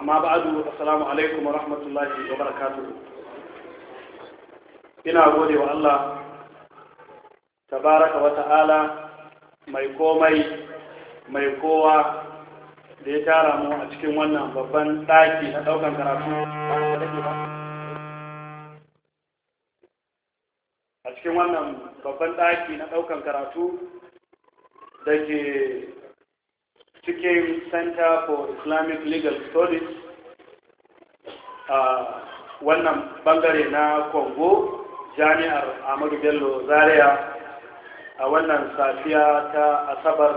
amma ba'adu assalamu alaikum wa rahmatullahi wa barakatuh ina gode wa Allah tabaraka wa ta'ala mai komai mai kowa da ya tara mu a cikin wannan babban ɗaki na ɗaukan karatu a cikin wannan babban ɗaki na ɗaukan karatu da cikin center for islamic legal studies a wannan bangare na congo jami'ar amadu bello zaria a wannan safiya ta asabar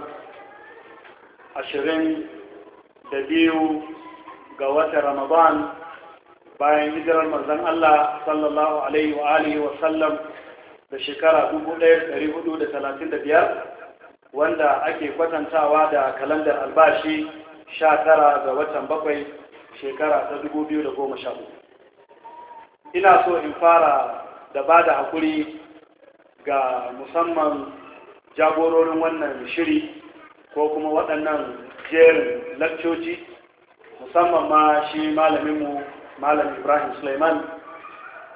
22 ga watan ramadan bayan hijirar manzon allah sallallahu alaihi wa alihi wa sallam da shekara 1435 wanda ake kwatantawa da kalandar albashi 19 ga watan bakwai shekara ta 2013 ina so in fara da ba da hakuri ga musamman jagororin wannan shiri ko kuma waɗannan jerin lakcoci musamman ma shi malaminmu malam ibrahim suleiman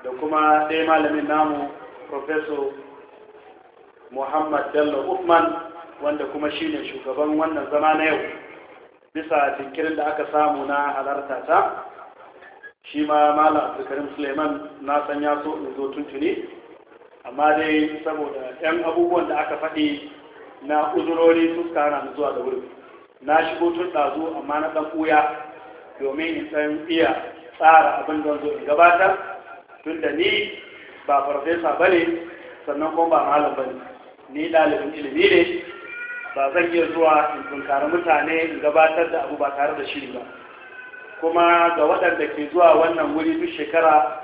da kuma ɗaya malamin namu professor muhammad bello uthman wanda kuma shi ne shugaban wannan zama na yau bisa jinkirin da aka samu na halarta ta shi ma mala abdulkarim suleiman na san ya so in zo tuntuni amma dai saboda yan abubuwan da aka faɗi na uzurori fuska na zuwa da wuri na shigo tun ɗazu amma na ɗan ɓuya domin in san iya tsara abin da zo in gabatar tun da ni ba farfesa ba ne sannan kuma ba malam ba ne ni ɗalibin ilimi ne ba zan iya zuwa in tunkari mutane in gabatar da abu ba tare da shiri ba kuma ga waɗanda ke zuwa wannan wuri duk shekara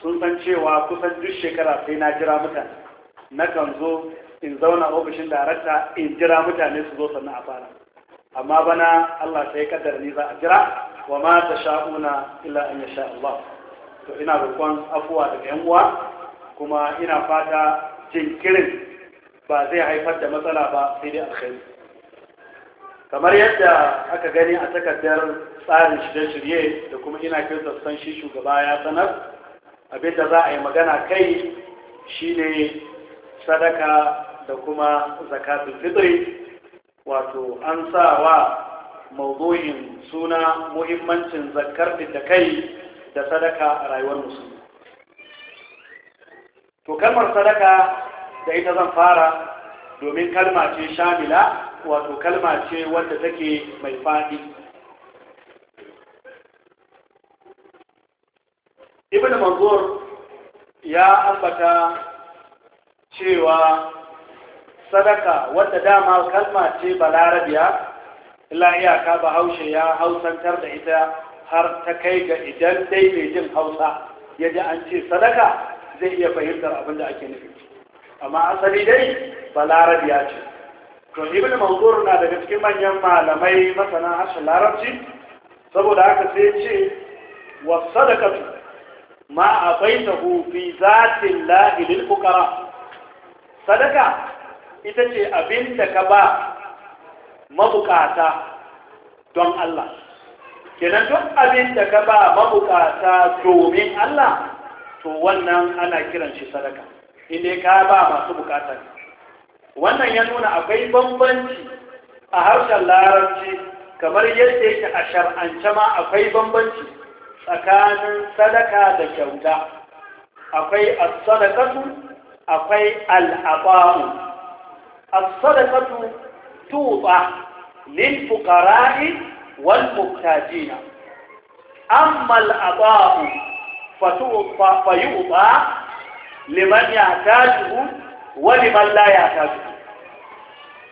sun san cewa kusan duk shekara sai na jira mutane na kan zo in zauna ofishin darakta in jira mutane su zo sannan a fara amma bana Allah sai kaddara ni za a jira wa ma ta sha'una illa an yasha Allah to ina roƙon afuwa daga yan uwa kuma ina fata jinkirin ba zai haifar da matsala ba sai dai alkhairi kamar yadda aka gani a takardar tsarin shirye-shirye da kuma ina kirta san shi shugaba ya sanar abin da za a yi magana kai shine sadaka da kuma zakatun fitri wato an sa wa mawdu'in suna muhimmancin zakar da kai da sadaka a rayuwar musulmi to kalmar sadaka da ita zan fara domin kalma ce shamila wato kalma ce wadda take mai faɗi ibn manzur ya ambata cewa sadaka wadda dama kalma ce balarabiya illa iyaka ba haushe ya hausantar da ita har ta kai ga idan dai mai jin hausa yaji an ce sadaka zai iya fahimtar abin da ake nufi amma asali dai balarabi ya ce to ibn na daga cikin manyan malamai masana harshen larabci saboda haka sai ce wa sadaqatu ma abaitahu fi zatin lahi lil sadaka ita ce abin da ka ba mabukata don Allah kenan duk abin da ka ba mabukata domin Allah to wannan ana kiran shi sadaka inda ka ba masu bukata wannan ya nuna akwai bambanci a harshen larabci kamar yadda yake a shar'ance ma akwai bambanci tsakanin sadaka da kyauta akwai as-sadaqatu akwai al-aba'u as-sadaqatu tuba lil fuqara'i wal muhtajina amma al-aba'u fatu'ta fayu'ta liman ya tajihu wa liman la ya tajihu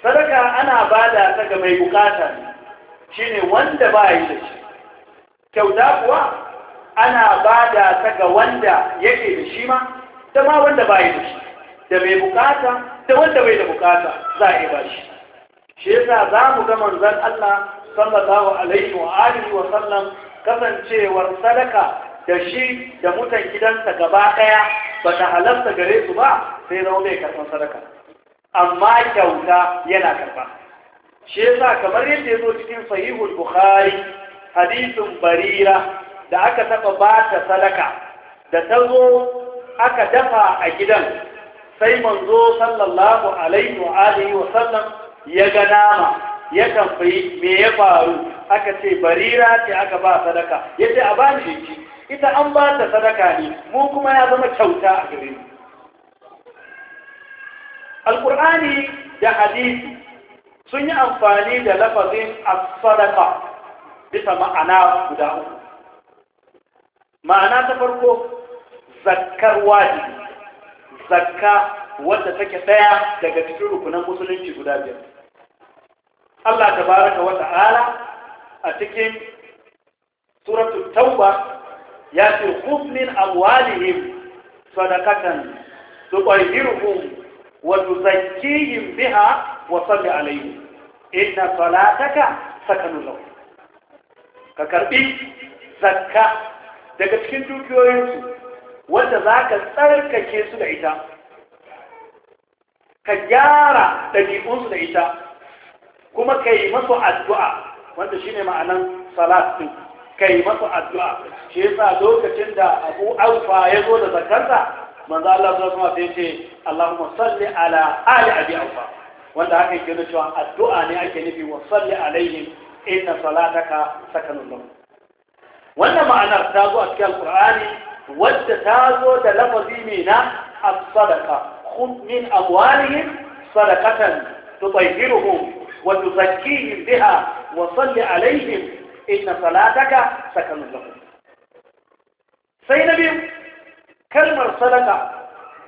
sadaka ana bada ta ga mai bukata shine wanda ba yi da shi kyauta kuwa ana bada ta ga wanda yake da shi ma da ma wanda ba yi da shi da mai bukata da wanda bai da bukata za a yi ba shi shi yasa za mu ga manzon Allah sallallahu alaihi wa alihi wa sallam kasancewar sadaka da shi da mutan gidansa gaba ɗaya ba ta halarta gare su ba sai zama bai karɓar sadaka amma kyauta yana karɓa shi yasa kamar yadda ya zo cikin sahihul bukhari hadisin barira da aka taɓa ba ta sadaka da ta zo aka dafa a gidan sai manzo sallallahu alaihi wa alihi wa sallam ya ga nama ya tambayi me ya faru aka ce barira ce aka ba sadaka yace ce a bani shi ita an ba ta sadaka ne mu kuma ya zama kyauta a gare mu alkur'ani da hadisi sun yi amfani da lafazin as-sadaqa bisa ma'ana guda uku ma'ana ta farko zakkar wajibi zakka wadda take daya daga cikin rukunan musulunci guda biyar Allah tabaraka wa ta'ala a cikin suratul tauba ya ce kufmin amwalihim sadakatan tuqahiruhum wa tuzakkihim biha wa salli alaihim inna salataka sakanu lahum ka karbi zakka daga cikin dukiyoyinsu wanda za ka tsarkake su da ita ka gyara ɗabi'unsu da ita kuma ka yi masu addu'a wanda shi ne ma'anan salat ɗin kai masa addu'a shi yasa lokacin da Abu Aufa ya zo da zakarta manzo Allah sallallahu alaihi wasallam sai Allahumma salli ala ali Abi Aufa wanda haka yake nuna cewa addu'a ne ake nufi wa salli alaihim inna salataka sakanun lahum wannan ma'anar ta zo a cikin Al-Qur'ani wadda ta zo da lafazi ne na as-sadaqa khudh min amwalihim sadaqatan tutahhiruhum wa tuzakkihim biha wa salli alaihim إن صلاتك سكن لكم سي نبي كلمة صلاتك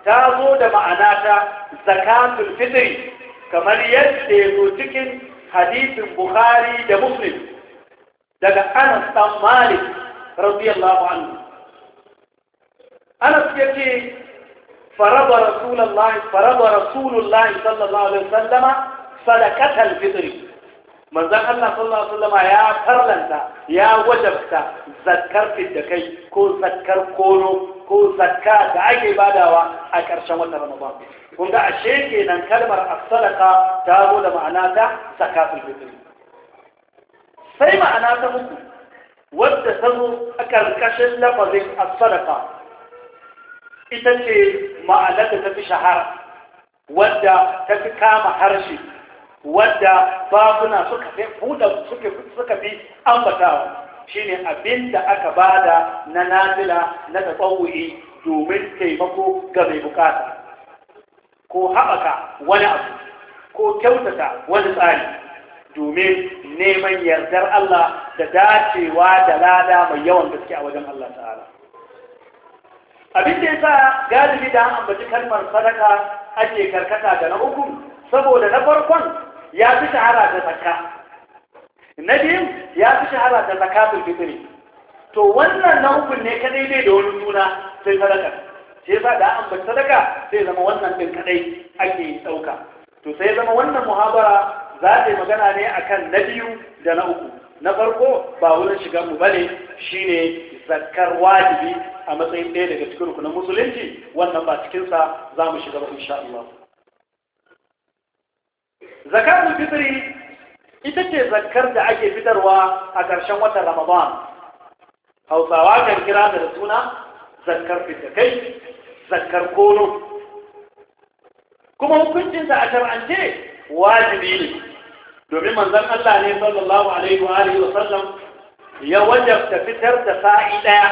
تابو دمعناتا زكاة الفطر كما يجدو تكن حديث بخاري دمسلم دقى أنا استعمالي رضي الله عنه أنا سيكي فرض رسول الله فرض رسول الله صلى الله عليه وسلم صدقة الفطر فرض manzan Allah sallallahu alaihi wasallam ya farlanta ya wajabta zakkar kai ko zakar kono ko zakka da ake badawa a ƙarshen wata Ramadan kun ga ashe kenan kalmar asalaka ta zo da ma'ana ta zakatul fitr sai ma'ana ta muku wadda ta zo a ƙarƙashin lafazin asalaka ita ce ma'anar da ta fi shahara wadda ta fi kama harshe wadda babuna suka fi buɗa suka fi ambatawa shine abin da aka bada na nazila na tsawuri domin taimako ga mai bukata ko haɓaka wani abu ko kyautata wani tsari domin neman yardar Allah da dacewa da lada mai yawan gaske a wajen Allah ta'ala abin da yasa galibi da an ambaci kalmar sadaka ake karkata da na uku saboda na farkon ya fi shahara da zakka na biyu ya fi shahara da Sakafin fitiri to wannan na uku ne kadai ne da wani suna sai sadaka sai ba da an bar sadaka sai zama wannan din kadai ake dauka to sai zama wannan muhabara za ta yi magana ne akan na biyu da na uku na farko ba wurin shigar mu bane shine zakkar wajibi a matsayin ɗaya daga cikin rukunin musulunci wannan ba cikinsa za mu shiga ba insha Allah zakatul fitiri ita ce zakar da ake fitarwa a ƙarshen watan ramadan hausawa kan kira da suna zakar fitakai zakar kono kuma hukuncinta a shar'ance wajibi ne domin manzon Allah ne sallallahu alaihi wa alihi wa sallam ya wajabta fitar da sa'i ɗaya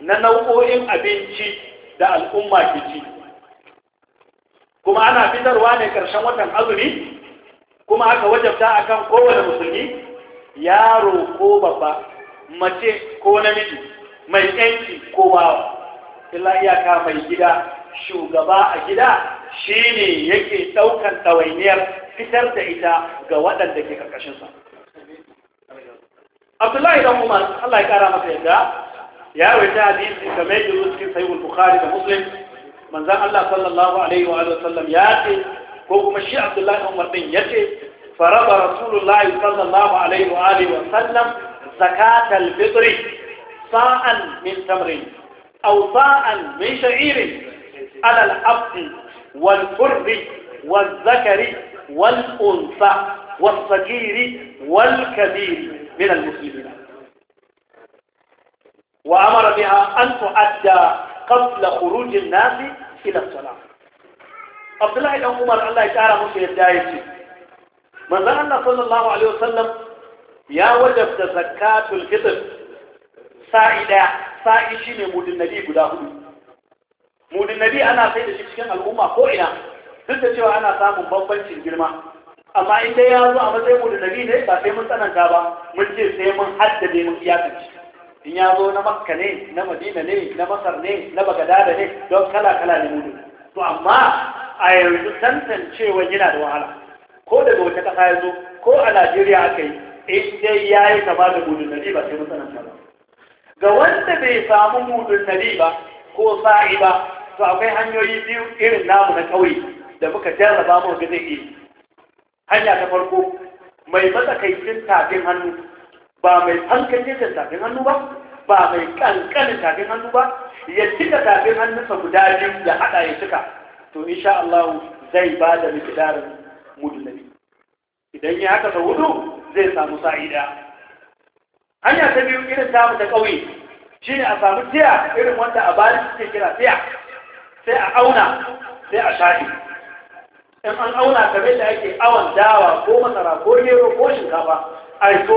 na nau'o'in abinci da al'umma ke ci kuma ana fitarwa ne ƙarshen watan azumi kuma aka wajabta a kan kowane musulmi yaro ko babba mace ko namiji mai yanki ko wawa illa iyaka mai gida shugaba a gida Shi ne yake ɗaukan ɗawainiyar fitar da ita ga waɗanda ke ƙarƙashinsa abdullahi dan umar allah ya ƙara masa yadda ya rawaita hadisi game da ruskin sahihul bukhari da muslim manzan Allah sallallahu alaihi wa sallam ya ce ko kuma shi Abdullahi Umar din ya ce faraba Rasulullahi sallallahu alaihi wa sallam zakatal fitri sa'an min tamrin aw sa'an min sha'irin ala al-abd wal furri wal zakari wal unsa wal sagiri wal kabiri من المسلمين وأمر بها أن تؤدى qabla khurujin nasi ila salat Abdullahi dan Umar Allah ya kara musu yadda yake manzon Allah sallallahu alaihi wasallam ya wajabta zakatul fitr sa'i daya sa'i shine mudin nabi guda hudu mudin nabi ana sai da shi cikin al'umma ko ina duk da cewa ana samun bambancin girma amma in dai ya zo a matsayin mudin nabi ne ba sai mun tsananta ba mun ce sai mun haddade mun iyakance in ya zo na makka ne na madina ne na masar ne na bagadada ne don kala kala ne mudu to amma a yanzu tantancewa yana da wahala ko daga wata kasa ya zo ko a najeriya aka yi in dai ya yi kama da mudu na ba sai matsananta ba ga wanda bai samu mudu na ba ko sa'i ba to akwai hanyoyi biyu irin namu na ƙauye da muka jarraba mu ga zai yi hanya ta farko mai matsakaicin tafin hannu ba mai fankace da tafin hannu ba ba mai kankanin tafin hannu ba ya cika tafin hannunsa guda biyu ya haɗa ya cika to insha Allah zai ba da mikidarin mudu idan ya haka sa hudu zai samu sa'ida hanya ta biyu irin tamu da ƙauye shine a samu tiya irin wanda a bari suke kira tiya sai a auna sai a shaɗi in an auna kamar da ake awon dawa ko masara ko gero ko shinkafa ai to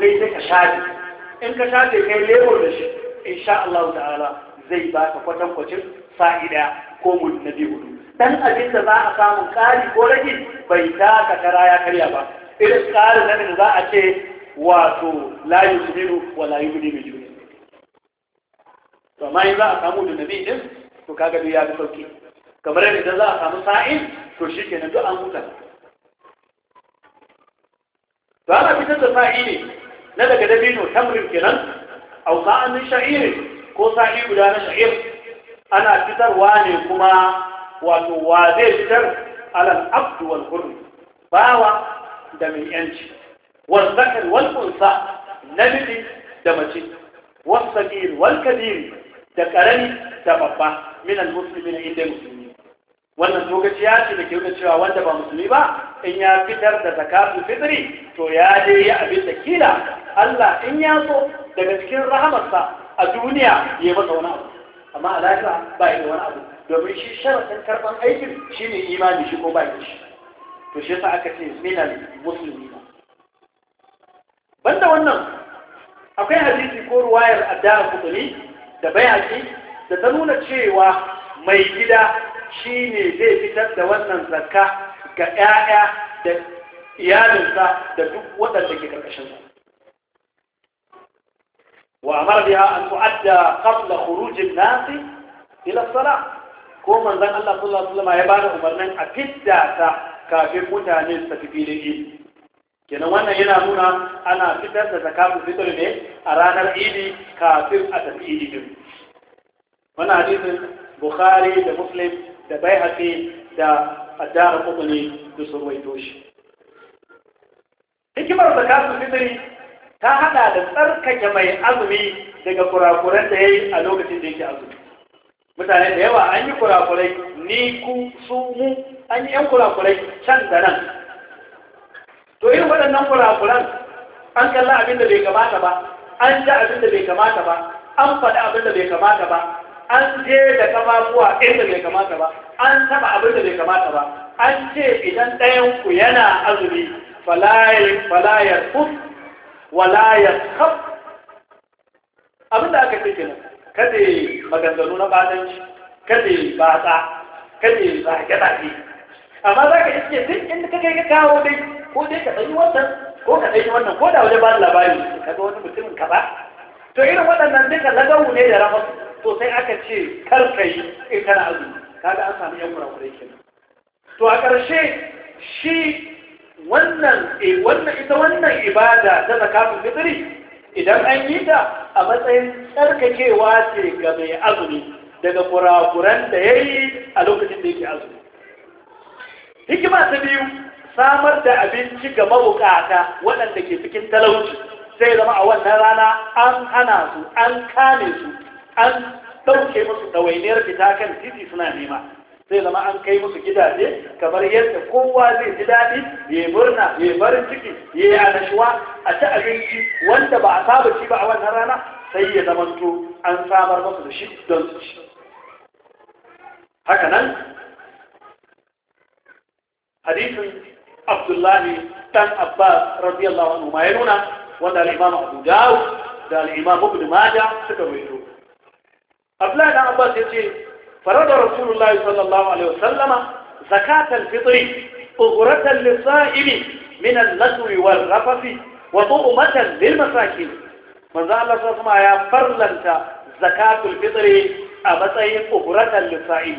kai sai ka shaɗe in ka shaɗe kai lebo da shi insha Allah ta'ala zai ba ka kwatan kwacin ɗaya ko mun na biyu hudu dan abin da za a samu ƙari ko rage bai taka tara ya karya ba irin kari na da za a ce wato la yusmiru wa la gudu bi juna. to amma in za a samu da nabi din to kaga duk ya fi sauki kamar yadda za a samu sa'in to shikenan duk an huta to a fitar da sa'i ne na daga dabino tamrin kenan au sa'an min sha'ir ko sa'i guda na sha'ir ana fitarwa ne kuma wato wa zai fitar alal abdu wal hurri bawa da mai yanci wal zakar wal unsa da mace wal sagir wal kabir da karami da babba min al muslimin inda musulmi wannan ya ce da ke nuna cewa wanda ba musulmi ba in ya fitar da zakatul fitri to ya je ya abin da kila Allah in ya so daga cikin rahamarsa a duniya ya masa wani abu amma a lahira ba yi wani abu domin shi sharaɗin karban aikin ne imani shi ko ba shi to shi yasa aka ce minal musulmi banda wannan akwai hadisi ko ruwayar addu'a, kutuli da bayaki da ta nuna cewa mai gida shi ne zai fitar da wannan zakka ga ƴaƴa da iyalinsa da duk waɗanda ke ƙarƙashinsa wa amara biya an tu'adda qabla khurujin nas ila salat ko manzon Allah sallallahu alaihi wasallam ya bada umarnin a fidda ta kafin mutane su tafi da idi kenan wannan yana nuna ana fitar da zakatul fitr ne a ranar idi kafin a tafi idi din wannan hadisin Bukhari da Muslim da bai haƙe da addara ƙuƙuli da su shi hikimar zakatun fitri ta haɗa da tsarkake mai azumi daga kurakuran da ya yi a lokacin da yake azumi mutane da yawa an yi kurakurai ni ku su mu an yi yan kurakurai can da nan to yin waɗannan kurakuran an kalla abin da bai kamata ba an ji abin da bai kamata ba an faɗi abin da bai kamata ba an je da kafafuwa inda bai kamata ba an taba abin da bai kamata ba an ce idan ɗayan ku yana azumi falayar kus walayar kaf abin da aka ce kenan kada maganganu na batanci kada batsa kada zage zage amma za ka iske duk inda ka kai ka kawo dai ko dai ka ɗanyi wannan ko ka ɗanyi wannan ko da wajen ba labari ka ga wani mutumin ka ba to irin waɗannan duka lagawu ne da rafasu to sai aka ce kar ka yi in kana azumi kaga an samu yan kurakurai nan. to a ƙarshe shi wannan eh, wannan ita wannan ibada ta zakatun fitri idan an yi ta a matsayin tsarkakewa ce ga mai azumi daga kurakuran da ya yi a lokacin da yake azumi hikima ta biyu samar da abinci ga mabukata waɗanda ke cikin talauci sai zama a wannan rana an hana su an kame su an ɗauke musu ɗawainiyar fita kan titi suna nema sai zama an kai musu gidaje kamar yadda kowa zai ji daɗi ya yi murna ya yi farin ciki ya yi annashuwa a ci abinci wanda ba a saba ci ba a wannan rana sai ya zamanto an samar musu da shi don su ci haka nan hadisin abdullahi dan abbas radiyallahu anhu ma ya nuna wanda al-imam abu dawud da al-imam ibn majah suka rawaito abdullahi dan abbas ya ce farada rasulullahi sallallahu alaihi wasallama zakatal fitri ughuratan lisa'ili min al-latwi wal rafasi wa tu'matan lil masakin manzo Allah sallallahu ya farlanta zakatul fitri a matsayin ughuratan lisa'ili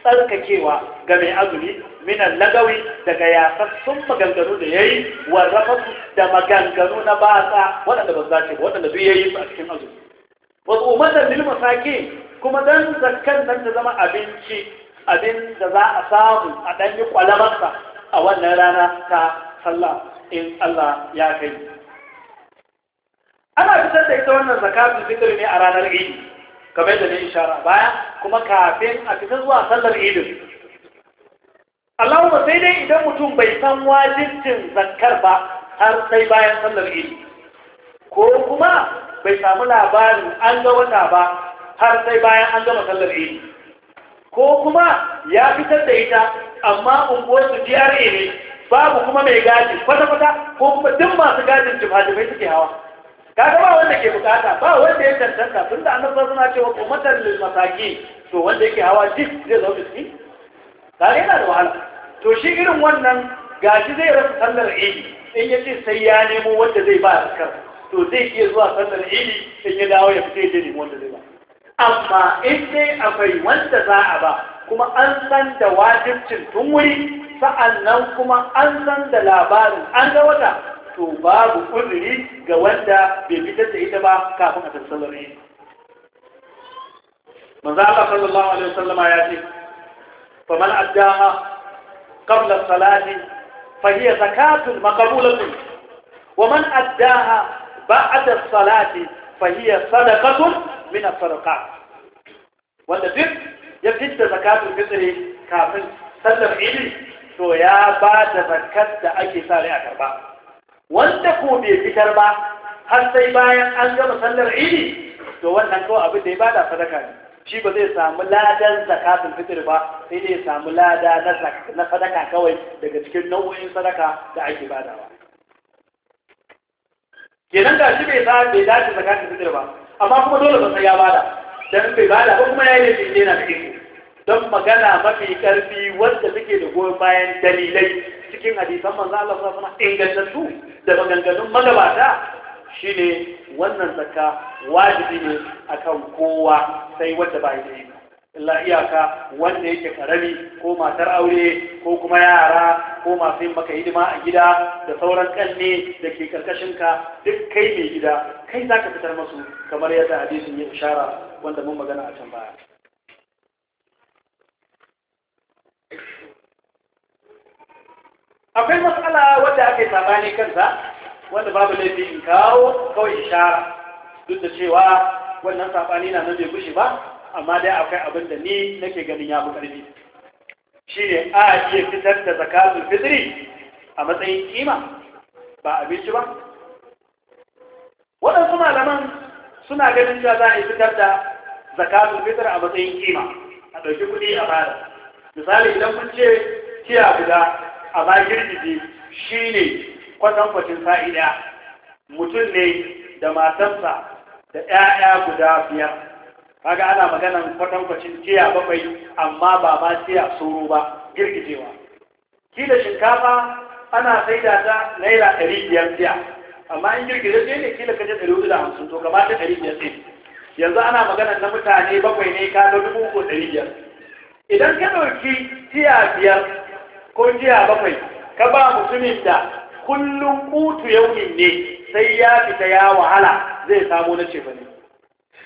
tsarkakewa ga mai azumi minan lagawi daga yasassun maganganu da ya yi wa da maganganu na batsa waɗanda ba za ce ba waɗanda duk ya yi su a cikin azumi wa umatan lil masaki kuma dan zakkan dan da zama abinci abin da za a samu a dan yi kwalabarsa a wannan rana ta sallah in Allah ya kai ana fitar da ita wannan zakatu fitr ne a ranar Eid kamar da ne ishara baya kuma kafin a fitar zuwa sallar Eid Allahumma sai dai idan mutum bai san wajibin zakkar ba har sai bayan sallar Eid ko kuma bai samu labarin an ga wata ba har sai bayan an gama sallar idi ko kuma ya fitar da ita amma unguwarsu GRA ne babu kuma mai gadi kwata-kwata ko kuma duk masu gadin jimajimai suke hawa kaga ba wanda ke bukata ba wanda ya tantanta tun da annabawa suna cewa ummatar lil masaki to wanda yake hawa duk zai zo miski kaga yana da wahala to shi irin wannan gashi zai rasa sallar idi in yace sai ya nemo wanda zai ba zakar to zai iya zuwa sallar ili in ya dawo ya fita ya nemi wanda zai ba amma in dai akwai wanda za a ba kuma an san da wajibcin tun wuri sa'annan kuma an san da labarin an ga wata to babu uzuri ga wanda bai fitar da ita ba kafin a sallar ili manzo Allah sallallahu alaihi wasallama ya ce faman addaha qabla salati فهي زكاة wa ومن أداها Ba'a as-salati fa hiya sadaqatun min as-sadaqat wanda duk ya fitta zakatul fitri kafin sallar idi to ya ba da zakat da ake sa rai a karba wanda ko bai fitar ba har sai bayan an gama sallar idi to wannan ko abin da ya bada sadaka ne shi ba zai samu ladan zakatun fitr ba sai dai ya samu lada na sadaka kawai daga cikin nau'o'in sadaka da ake badawa kenan da shi bai sa bai dace zakatul fitar ba amma kuma dole ba sai ya bada dan bai bada ko kuma yayi ne yana da iko don magana mafi karfi wanda take da goyon bayan dalilai cikin hadisan manzo Allah sallallahu alaihi ingantattu da maganganun magabata shine wannan zakka wajibi ne akan kowa sai wanda bai da iko illa iyaka wanda yake karami ko matar aure ko kuma yara ko masu yin maka hidima a gida da sauran kanne da ke ka duk kai mai gida kai za ka fitar masu kamar yadda hadisin ya shara wanda mun magana a can baya akwai matsala wadda aka yi sabani kansa wanda babu laifi in kawo kawai ishara duk da cewa wannan sabani na nan bai gushe ba amma dai akwai abin da ni nake ganin ya fi ƙarfi shi ne a iya fitar da zakatun fitri a matsayin kima ba abinci ba waɗansu malaman suna ganin cewa za a yi fitar da zakatun fitri a matsayin kima a ɗauki kuɗi a bada misali idan mun ce kiya guda a ba girgiji shi ne kwatan kwacin sa'ida mutum ne da matansa da ‘ya'ya guda biyar kaga ana maganan kwatankwacin tiya bakwai amma ba ma tiya soro ba girgijewa Ki da shinkafa ana saida ta naira ɗari biyar tiya amma in girgije sai ne kila kaje ɗari hudu da hamsin to gaba ta ɗari biyar sai yanzu ana maganan na mutane bakwai ne ka ga dubu uku ɗari biyar idan ka ɗauki tiya biyar ko tiya bakwai ka ba mutumin da kullum kutu yaumin ne sai ya fita ya wahala zai samu na cefane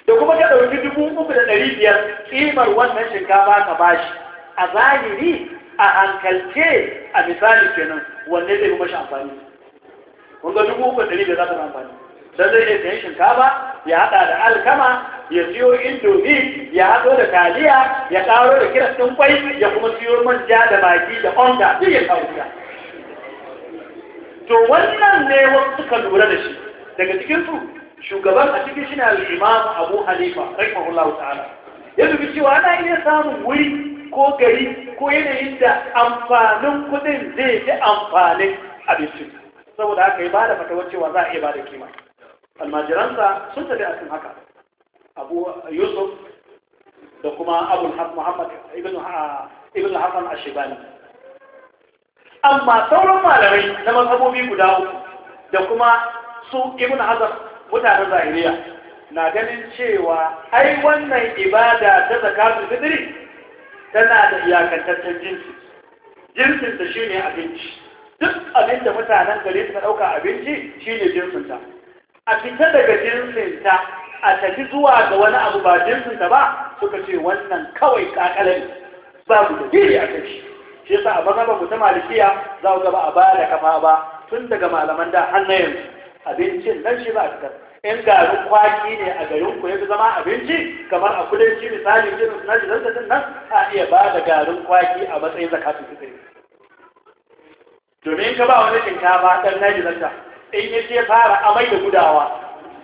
da kuma ka ɗauki dubu uku da ɗari biyar ƙimar wannan shinkafa ka bashi a zahiri a hankalce a misali kenan wanne zai kuma shi amfani kun ga dubu uku da ɗari biyar za ta amfani dan zai iya sayan shinkafa ya haɗa da alkama ya siyo indomi ya haɗo da taliya ya ƙaro da kiran ɗin kwai ya kuma siyo manja da baki da onga duk ya kawo gida to wannan ne wasu suka lura da shi daga cikin su shugaban a cikin shine al-imam Abu Hanifa rahimahullahu ta'ala ya dubi cewa ana iya samun wuri ko gari ko yanayin da amfanin kudin zai fi amfanin abinci saboda haka ya bada fatawar cewa za a iya bada kima almajiransa sun tafi a cikin haka abu yusuf da kuma abu muhammad ibn ah, hassan ashibani amma sauran malamai na mazhabobi guda uku da kuma su ibn hazar mutanen zahiriya na ganin cewa ai wannan ibada ta zakatu fitri tana da iyakantaccen jinsi jinsin ta shine abinci duk abin da mutanen gari suka dauka abinci shine jinsin ta a fita daga jinsin a tafi zuwa ga wani abu ba jinsin ba suka ce wannan kawai kakalai babu da biri a kai shi yasa a maza ba ku ta malikiya za ku ga ba a bada kafa ba tun daga malaman da har yanzu abincin nan shi ba a in garin kwaki ne a garin ku yanzu zama abinci kamar a kudanci misali shi na jiransa nan a iya ba da garin kwaki a matsayin zakatun fitri domin ka ba wani shinkafa ɗan na zanta in ya ce fara amai da gudawa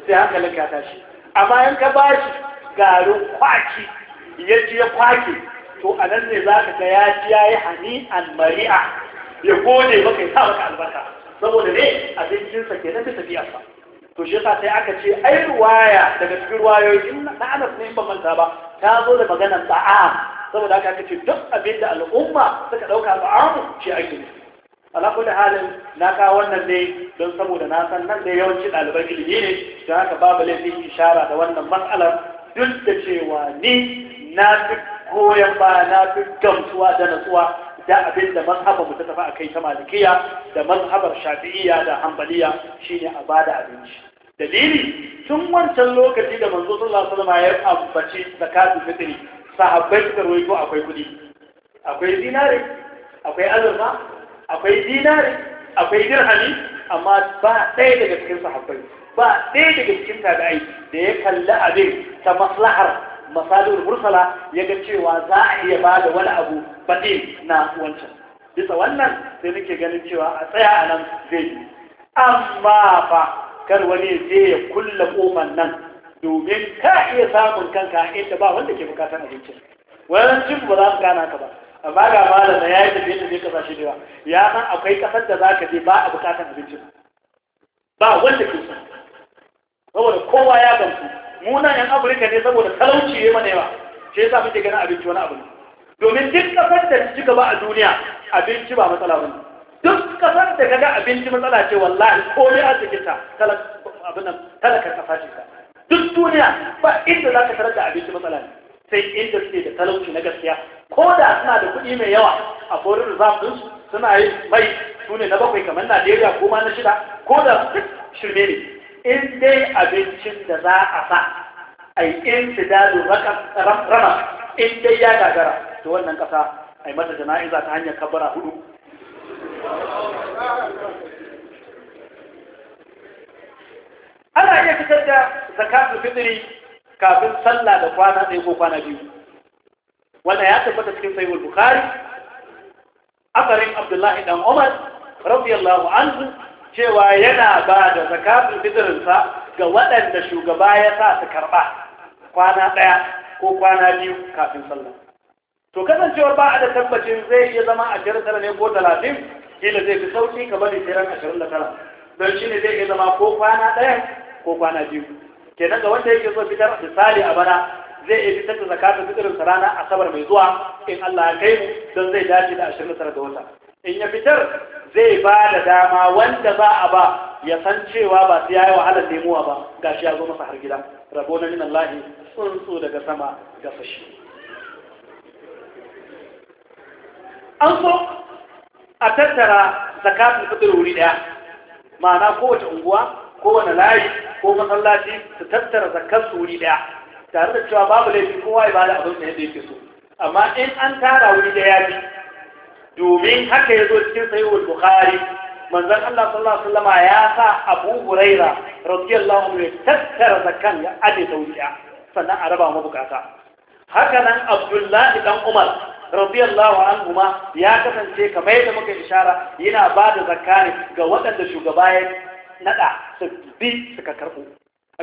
sai hankalin ka tashi amma in ka ba shi garin kwaki ya ci ya kwaki to a nan ne za ka ga ya ya yi hani an mari'a ya gode maka ya sa maka albarka saboda ne abincinsa ke nan da tafiyarsa to shi yasa sai aka ce ai ruwaya daga cikin ruwayoyin na anas ne ba ban manta ba ta zo da maganar ta'am saboda haka aka ce duk abin da al'umma suka ɗauka ta'amu shi ake nufi ala kulli halin na kawo wannan ne don saboda na san nan da yawanci ɗaliban ilimi ne don haka babu laifin ishara da wannan matsalar duk da cewa ni na fi goyon ba na fi gamsuwa da natsuwa da abin da mazhabar mu ta tafi kai ta malikiya da mazhabar shafi'iyya da hanbaliya shine a bada abinci dalili tun wancan lokaci da manzo sallallahu alaihi wasallam ya ambaci zakatul fitri sahabbai suka rawaito akwai kudi akwai dinari akwai azurfa akwai dinari akwai dirhami amma ba ɗaya daga cikin sahabbai ba ɗaya daga cikin tabi'ai da ya kalli abin ta maslahar masalul mursala ya ga cewa za a iya ba da wani abu baɗi na wancan bisa wannan sai nake ganin cewa a tsaya a nan zai yi amma fa kar wani je ya kulle koman nan domin ka iya samun kanka inda ba wanda ke bukatar abincin wannan cin ba za mu gana ka ba amma ga malama ya yi tafiye tafiye kasashe da yawa ya san akwai kasar da za ka je ba a bukatar abincin ba wanda ke so saboda kowa ya gamsu muna yan afirka ne saboda talauci ya mana yawa shi yasa muke ganin abinci wani abu domin duk kasar da ci gaba a duniya abinci ba matsala bane duk kasar da kaga abinci matsala ce wallahi komai arzikin ta abin nan talaka kafa ce ta duk duniya ba inda za ka tarar da abinci matsala ne sai inda suke da talauci na gaskiya ko da suna da kuɗi mai yawa a foreign reserve suna yi mai su ne na bakwai kamar Najeriya ko ma na shida ko da su shirme ne in dai abincin da za a sa a yi in su dado rama in dai ya gagara to wannan ƙasa a yi mata jana'iza ta hanyar kabara hudu ana iya fitar da zakatul fitiri kafin sallah da kwana ɗaya ko kwana biyu wannan ya tabbata cikin sahihul bukhari asarin abdullahi dan umar radiyallahu anhu cewa yana ba da zakatun fitrinsa ga waɗanda shugaba ya sa su karɓa kwana ɗaya ko kwana biyu kafin sallah to kasancewar ba a da tabbacin zai iya zama ashirin tara ne ko talatin kila zai fi sauƙi ka bari shirin a ashirin da tara don shi ne zai iya zama ko kwana ɗaya ko kwana biyu kenan ga wanda yake so fitar misali a bana zai iya fitar da zakatun fitrinsa ranar asabar mai zuwa in Allah ya kai mu don zai dace da ashirin da tara da wata in ya fitar zai ba da dama wanda za a ba ya san cewa ba sai yayi wahalar nemuwa ba ga shi ya zo masa har gida rabo na min sun tsuntsu daga sama ga fashi an so a tattara zakatun fitr wuri daya ma'ana kowace unguwa kowane layi ko masallaci su tattara zakar wuri ɗaya. tare da cewa babu laifi kowa ya bada abin da yake so amma in an tara wuri daya bi. domin haka ya zo cikin sahihul bukhari manzon Allah sallallahu alaihi wasallama ya sa Abu Huraira radiyallahu anhu tattara zakan ya ade tauciya sannan a raba mabukata haka nan Abdullahi dan Umar radiyallahu anhu ma ya kasance kamar yadda muka ishara yana ba da zakka ga waɗanda shugaba ya naɗa su bi suka karɓo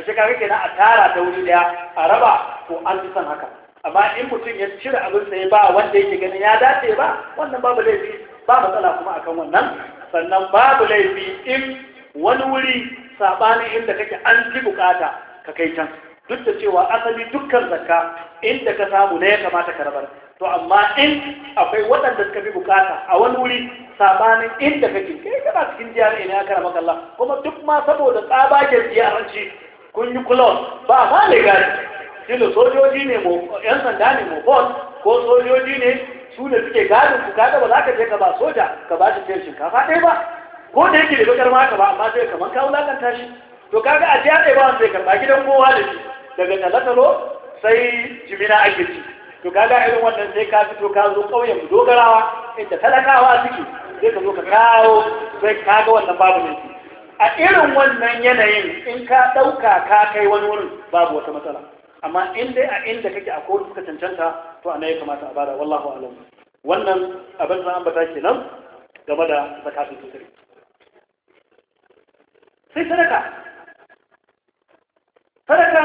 a shekara kenan a tara ta wuri daya a raba ko an fi son haka amma in mutum ya cire abin sai ba wanda yake ganin ya dace ba wannan babu laifi ba matsala kuma akan wannan sannan babu laifi in wani wuri sabanin inda kake an fi bukata ka kai can duk da cewa asali dukkan zakka inda ka samu ne ya kamata ka rabar to amma in akwai waɗanda suka fi bukata a wani wuri sabanin inda kake kai kana cikin jiya ne ya karama Allah kuma duk ma saboda tsabagen ranci kun yi kulon ba ma legari ilu sojoji ne yan sanda ne mobon ko sojoji ne su da suke gadin ku kada ba za ka je ka ba soja ka ba shi cin shinkafa ɗaya ba ko da yake da bakar ka ba amma sai kaman ka wulakanta shi to kaga a jiya dai ba wanda ya karɓa gidan kowa da shi daga talatalo sai jimina ake ci to kaga irin wannan sai ka fito ka zo kauyen mu dogarawa inda talakawa suke sai ka zo ka kawo sai kaga wannan babu ne a irin wannan yanayin in ka ɗauka ka kai wani wurin babu wata matsala amma in dai a inda kake a kowace suka cancanta to a ya kamata a bada wallahu alam wannan abin da an bata kenan game da zakatun fitri sai sadaka sadaka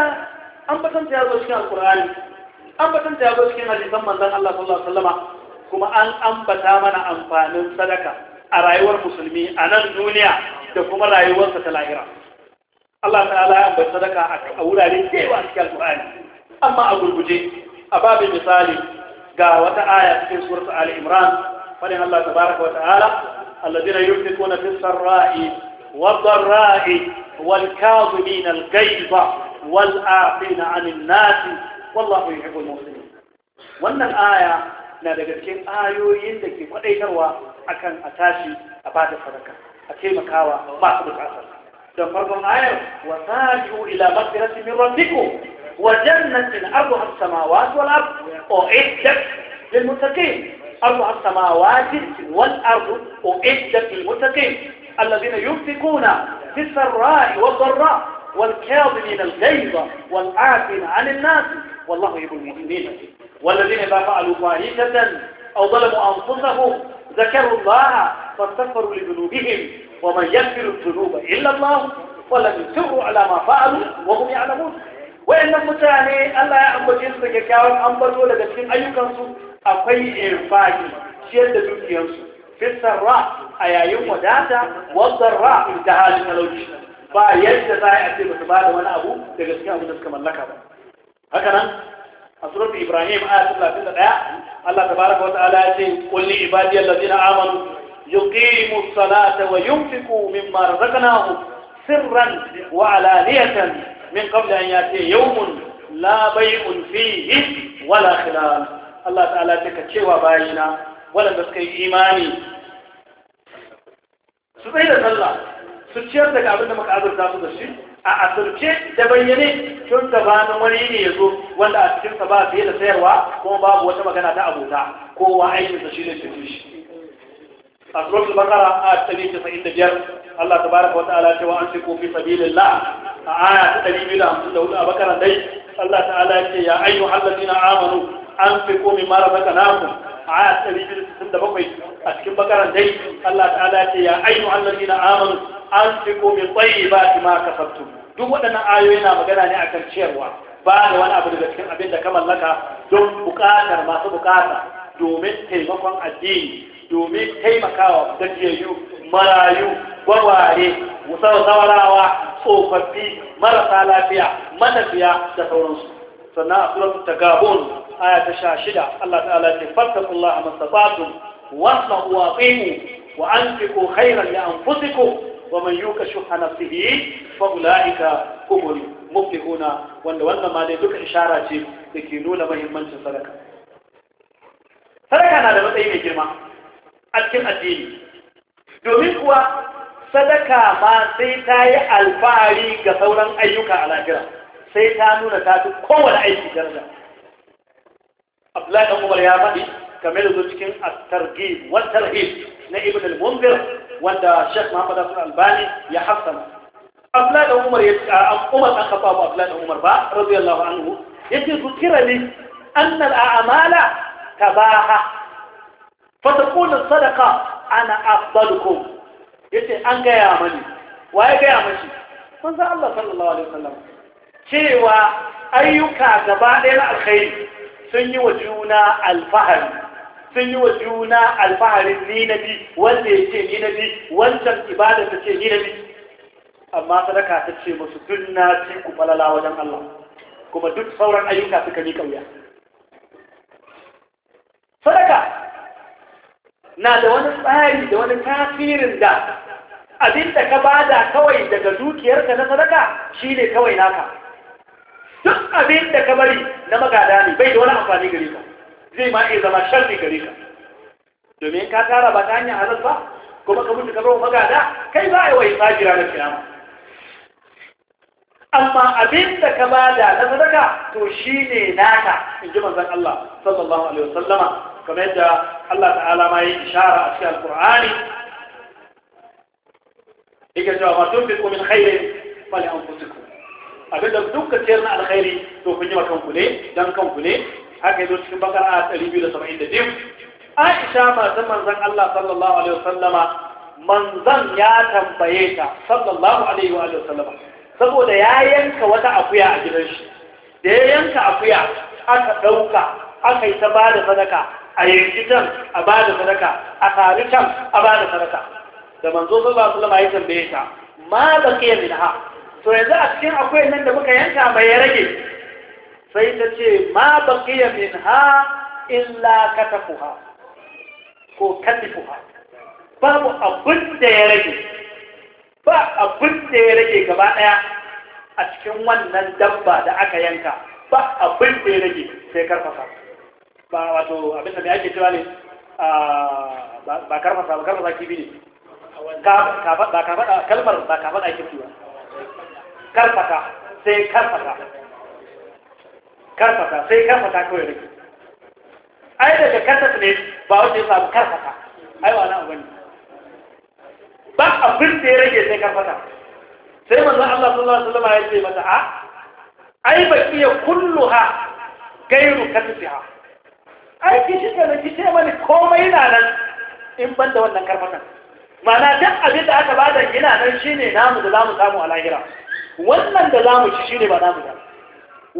an batanta ya zo cikin alkur'ani an batanta ya zo cikin hadisan manzon Allah sallallahu alaihi wasallama kuma an ambata mana amfanin sadaka a rayuwar musulmi a nan duniya da kuma rayuwarsa ta lahira Allah ta'ala ya ambaci sadaka a wurare da yawa cikin Al-Qur'ani amma a gurguje a babin misali ga wata aya cikin suratul Ali Imran fadin Allah tabaraka wa ta'ala alladhina yunfiquna fis sarra'i wad dharra'i wal kadhibina al ghaiza wal 'afina 'anil nas wallahu yuhibbul muhsinin wannan aya na daga cikin ayoyin da ke kwadaitarwa akan a tashi a bada sadaka a taimakawa masu bukatar تفرقوا معايا وسارعوا إلى مغفرة من ربكم وجنة أرضها السماوات والأرض أعدت للمتقين أرضها السماوات والأرض أعدت للمتقين الذين ينفقون في السراء والضراء والكاظمين الغيظ والعافين عن الناس والله يحب المؤمنين والذين إذا فعلوا فاحشة أو ظلموا أنفسهم ذكروا الله فاستغفروا لذنوبهم ومن يغفر الذنوب إلا الله ولم يسروا على ما فعلوا وهم يعلمون wayannan mutane Allah ya ambace su da kyakkyawan ambato daga cikin ayyukansu akwai infaki ciyar da dukiyarsu Ra a yayin wadata wadarra ta halin talauci ba yadda za a ce ba su ba da wani abu daga cikin abin da suka mallaka ba haka a suratul ibrahim ayat 31 Allah ta baraka ta'ala ya kulli qul li ibadiyal ladina amanu يقيم الصلاة وينفق مما رزقناه سرا وعلانية من قبل أن يأتي يوم لا بيع فيه ولا خلال الله تعالى تكتشي وبايشنا ولا بسكي إيماني سبيل الله سبيل الله سبيل الله سبيل الله سبيل الله a asirce da bayyane tun da ba na wani ne ya zo wanda a cikinsa ba fiye da sayarwa kuma babu wata magana ta abota kowa aikinsa shi ne shi a suratul bakara a tsari casa'in da biyar Allah ta baraka wata ala cewa an shiko fi sabilillah a aya ta ɗari biyu da hamsin da hudu a bakara dai Allah ta'ala ce ya ayyu hallazina amanu an fi komi mara zaka naku a aya ta ɗari biyu da sittin da bakwai a cikin bakaran dai Allah ta'ala ce ya ayyu hallazina amanu an fi komi tsayi ba ki ma kasabtu duk waɗannan ayoyi na magana ne akan ciyarwa ba da wani abu daga cikin abin da ka mallaka don buƙatar masu buƙata domin taimakon addini domin taimakawa gajiyayyu marayu gwagware musawarawa tsofaffi marasa lafiya matafiya da sauransu sannan a suratul gabon aya ta sha shida Allah ta'ala ce fattakullaha mastata'tum wasma'u wa atimu wa anfiqu khayran li anfusikum wa man yuka shuhha nafsihi fa ulaika humul muflihuna wanda wannan ma dai duka ishara ce da ke nuna mahimmancin sadaka sadaka na da matsayi mai girma a cikin addini domin kuwa sadaka ma sai ta yi alfahari ga sauran ayyuka a lafiya sai ta nuna ta fi kowane aiki daraja abdullahi dan umar ya faɗi kamar da zo cikin attargi targhib wa na ibn al-munzir wanda Sheikh Muhammad Abdul Albani ya hassana Abdullahi dan Umar ya Umar an kafa ba Abdullahi dan Umar ba radiyallahu anhu yace zukira li anna al-a'mala tabaha فتقول الصدقة أنا أفضلكم يتي أنك يا مني وأيك يا ya من ذا الله Allah sallallahu alaihi wasallam cewa ayyuka gaba ɗaya na alkhairi sun yi wa juna alfahari sun yi wa juna alfaharin ni na bi wanda ya ce ni na bi wancan ibada ta ce ni na bi amma sadaka ta ce musu duk na ci ku falala wajen Allah kuma duk sauran ayyuka suka yi kauya sadaka na da wani tsari da wani tasirin da abin da ka bada kawai daga dukiyarka na sadaka shi ne kawai naka duk abin da ka bari na magada ne bai da wani amfani gare ka zai ma iya zama sharri gare ka domin ka tara ba ta hanyar halar ba kuma ka mutu kamar magada kai ba a yi wa isa jira na kiyama amma abin da ka bada na sadaka to shi ne naka in ji manzon Allah sallallahu alaihi wasallama kamar yadda Allah ta'ala ma yi ishara a cikin alkur'ani yake cewa ma tun fiko min khairin fali an fusiku abin da dukkan ciyar na alkhairi to kun yi wa kanku ne don kanku ne haka yazo cikin bakar a 272 Aisha matan manzon Allah sallallahu alaihi wasallama manzon ya tambaye ta sallallahu alaihi wa sallama saboda ya yanka wata akuya a gidan shi da ya yanka akuya aka ɗauka aka yi ta bada sadaka a yanki can a ba da sadaka a sami can a ba da sadaka da manzo ba su wasallam ya tambaye ta ma baqiya ha? to yanzu a cikin akwai nan da muka yanka mai ya rage sai ta ce ma la minha illa ha? ko Ba babu abin da ya rage ba abin da ya rage gaba daya a cikin wannan dabba da aka yanka ba abin da ya rage sai karfafa ba wato abin da mai ake cewa ne ba karfasa ba karfasa kibi ne ba kafaɗa kalmar ba kafaɗa kibi ba karfata sai karfata karfata sai karfata kawai rike ai daga karfata ne ba wanda ya samu karfata ai wa nan wani ba a da rage sai karfata sai manzo Allah sallallahu alaihi wasallam ya ce mata a ai baki ya kulluha gairu katsiha Aiki shi ke ki ce mani komai na nan in ban da wannan karfatan mana duk abin da aka bada gina nan shine namu da zamu samu a lahira wannan da zamu ci shine ba namu ba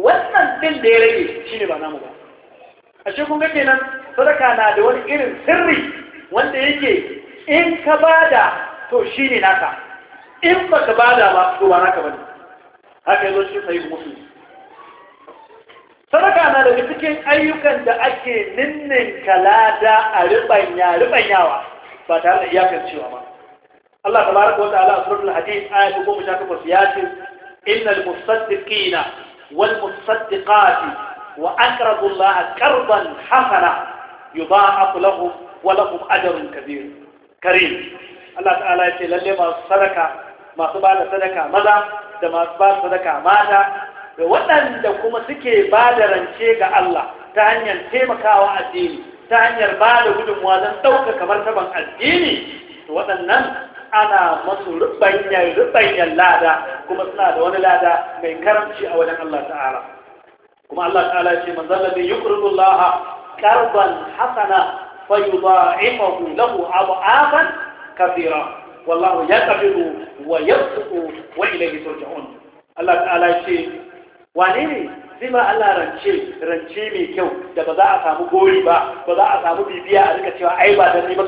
wannan din da ya rage shine ba namu ba ashe kun ga nan? sadaka na da wani irin sirri wanda yake in ka bada to shine naka in baka bada ba to ba naka bane haka yazo shi sai musulmi sadaka na daga cikin ayyukan da ake ninnin kalada a ribanya ribanyawa ba tare da iyakar cewa ba Allah tabaraka wa ta'ala a suratul hadid aya ta goma ya ce innal musaddiqina wal musaddiqati wa aqrabu Allah qarban hasana yudha'af lahum wa lahum ajrun kabir karim Allah ta'ala ya ce lalle masu sadaka masu ba da sadaka maza da masu ba sadaka mata da waɗanda kuma suke ba da rance ga Allah ta hanyar taimakawa addini ta hanyar ba da gudunmuwa don kamar martaban addini to waɗannan ana masu rubanyar lada kuma suna da wani lada mai karamci a wajen Allah ta'ala kuma Allah ta'ala ce manzon da yuqridu Allah qarban hasana fayudha'ifahu lahu adafan kathira wallahu yaqbidu wa yabsutu wa ilayhi turja'un Allah ta'ala ce wane ne zai ma Allah rance rance mai kyau da ba za a samu gori ba ba za a samu bibiya a rika cewa ai ba dan ni kasa?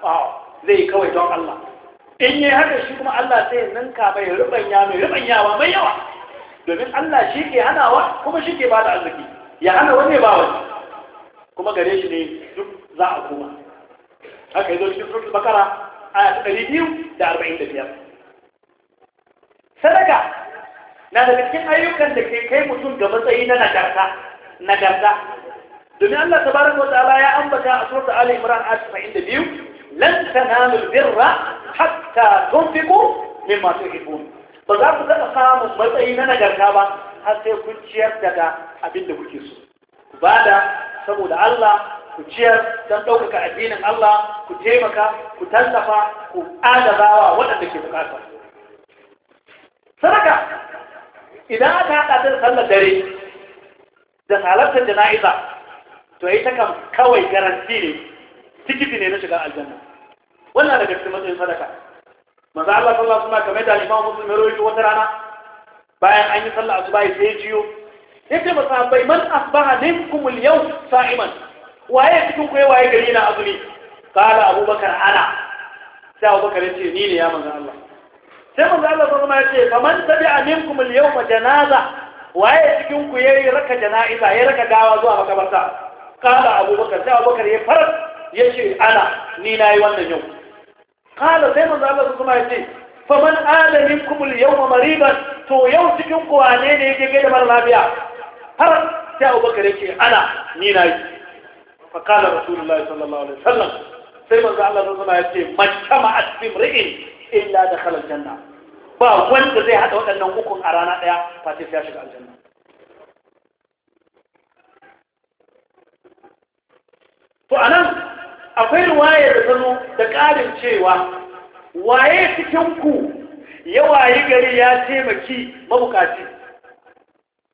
kaza zai kawai don Allah in yi haka shi kuma Allah sai nan mai rubanya mai rubanyawa mai yawa domin Allah shi ke hanawa kuma shi ke ba da arziki ya hana wani ba wani kuma gare shi ne duk za a koma haka yi zo cikin surat bakara a ta ɗari biyu da arba'in da biyar sadaka na da cikin ayyukan da ke kai mutum ga matsayi na nagarta nagarta domin Allah tabaraka wata'ala ya ambata a surta Ali Imran ayat 92 lan tanalul birra hatta tunfiqu mimma tuhibbun ba za ku taɓa samun matsayi na nagarta ba har sai kun ciyar daga abin da kuke so ku bada saboda Allah ku ciyar don ɗaukaka addinin Allah ku taimaka ku tallafa ku adabawa waɗanda ke bukata sadaka idan aka haɗa da sallar dare da halartar jana'iza to ta kan kawai garanti ne tikiti ne na shiga aljanna wannan daga cikin matsayin sadaka manzo Allah sallallahu alaihi wasallam kamar da Imam Muslim ya rawaito wata rana bayan an yi sallar asuba sai jiyo yace masahabai man asbaha minkum al-yawm sa'iman waye cikin ku waye gari na azumi qala abubakar ana sai abubakar yace ni ne ya manzo Allah sai manzo Allah sallallahu alaihi ya ce faman tabi'a minkum al-yawma janaza waye cikin ku yayi raka janaiza yayi raka gawa zuwa makabarta kala abubakar sai abubakar ya farar ya ce ana ni nayi wannan yau kala sai manzo Allah sallallahu alaihi ya ce man ada minkum al-yawma mariban to yau cikin ku wane ne yake gaida mara lafiya har sai abubakar ya ce ana ni nayi fa kala rasulullahi sallallahu alaihi wasallam sai manzo Allah sallallahu alaihi ya ce majtama at-timri'in illa da khalal janna ba wanda zai hada waɗannan hukun a rana ɗaya face sai ya shiga aljanna to anan akwai ruwaya da zano da ƙarin cewa waye cikin ku ya waye gari ya taimaki mabukaci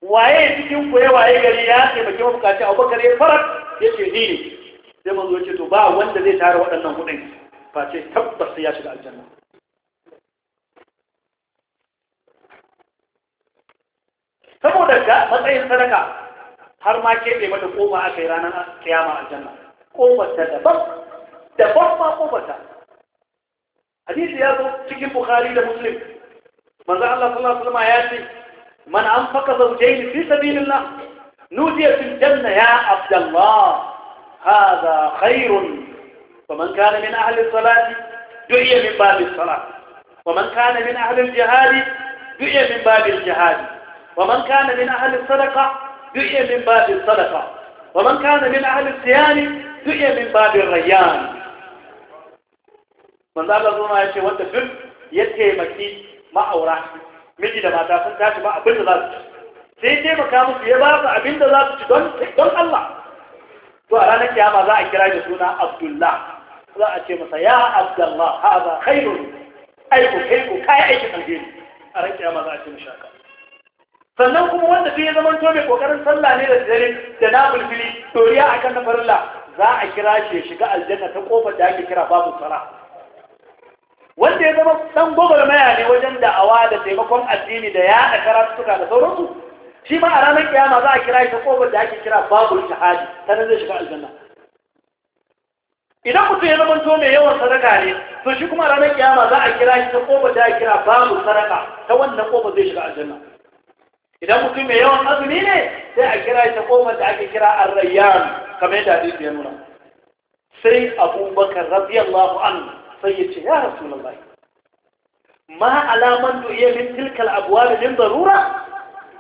waye cikin ku ya waye gari ya taimaki mabukaci abubakar ya farar ya ce ni ne sai manzo ce to ba wanda zai tara waɗannan hudun face tabbas ya shiga aljanna saboda ga matsayin sadaka har ma keɓe mata koma aka yi ranar kiyama aljanna kofarta daban daban ma kofarta hadisi ya zo cikin bukhari da muslim manzo Allah sallallahu alaihi wasallam ya ce man anfaqa zawjayn fi sabilillah nudiya fil janna ya abdallah هذا خير ومن كان من أهل الصلاة دعي من باب الصلاة ومن كان من أهل الجهاد دعي من باب الجهاد ومن كان من أهل الصدقة يؤيى من باب الصدقة ومن كان من أهل السيان يؤيى من باب الريان من ذلك الظلم يأتي والتفل يأتي مكي مع أوراك مجي لما تأخذ تأتي مع أبن الله سيتي مكامو في يبارة أبن الله تدون تدون الله وأنا كي أما ذا إكراي جسونا عبد الله لا أتي مسا يا عبد الله هذا خير أيكو كيكو كاي أيكو كاي أيكو كاي أيكو كاي أيكو كاي أيكو كاي sannan kuma wanda sai ya zama to mai kokarin sallah ne da dare da na bulbuli doriya akan na farilla za a kira shi ya shiga aljanna ta kofar da ake kira babu sara wanda ya zama dan gwagwarmaya ne wajen da'awa da taimakon addini da ya yaɗa karatuka da sauransu shi ma a ranar kiyama za a kira shi ta kofar da ake kira babu shahadi sannan zai shiga aljanna idan mutum ya zama to mai yawan sadaka ne to shi kuma a ranar kiyama za a kira shi ta kofar da ake kira babu sadaka ta wannan kofar zai shiga aljanna idan mutum mai yawan azumi ne sai a kira ta koma da ake kira arrayyan kamar yadda hadisi ya nuna sai abubakar radiyallahu an sai ya ce ya rasulullahi ma alaman da iya min tilkal abuwa min darura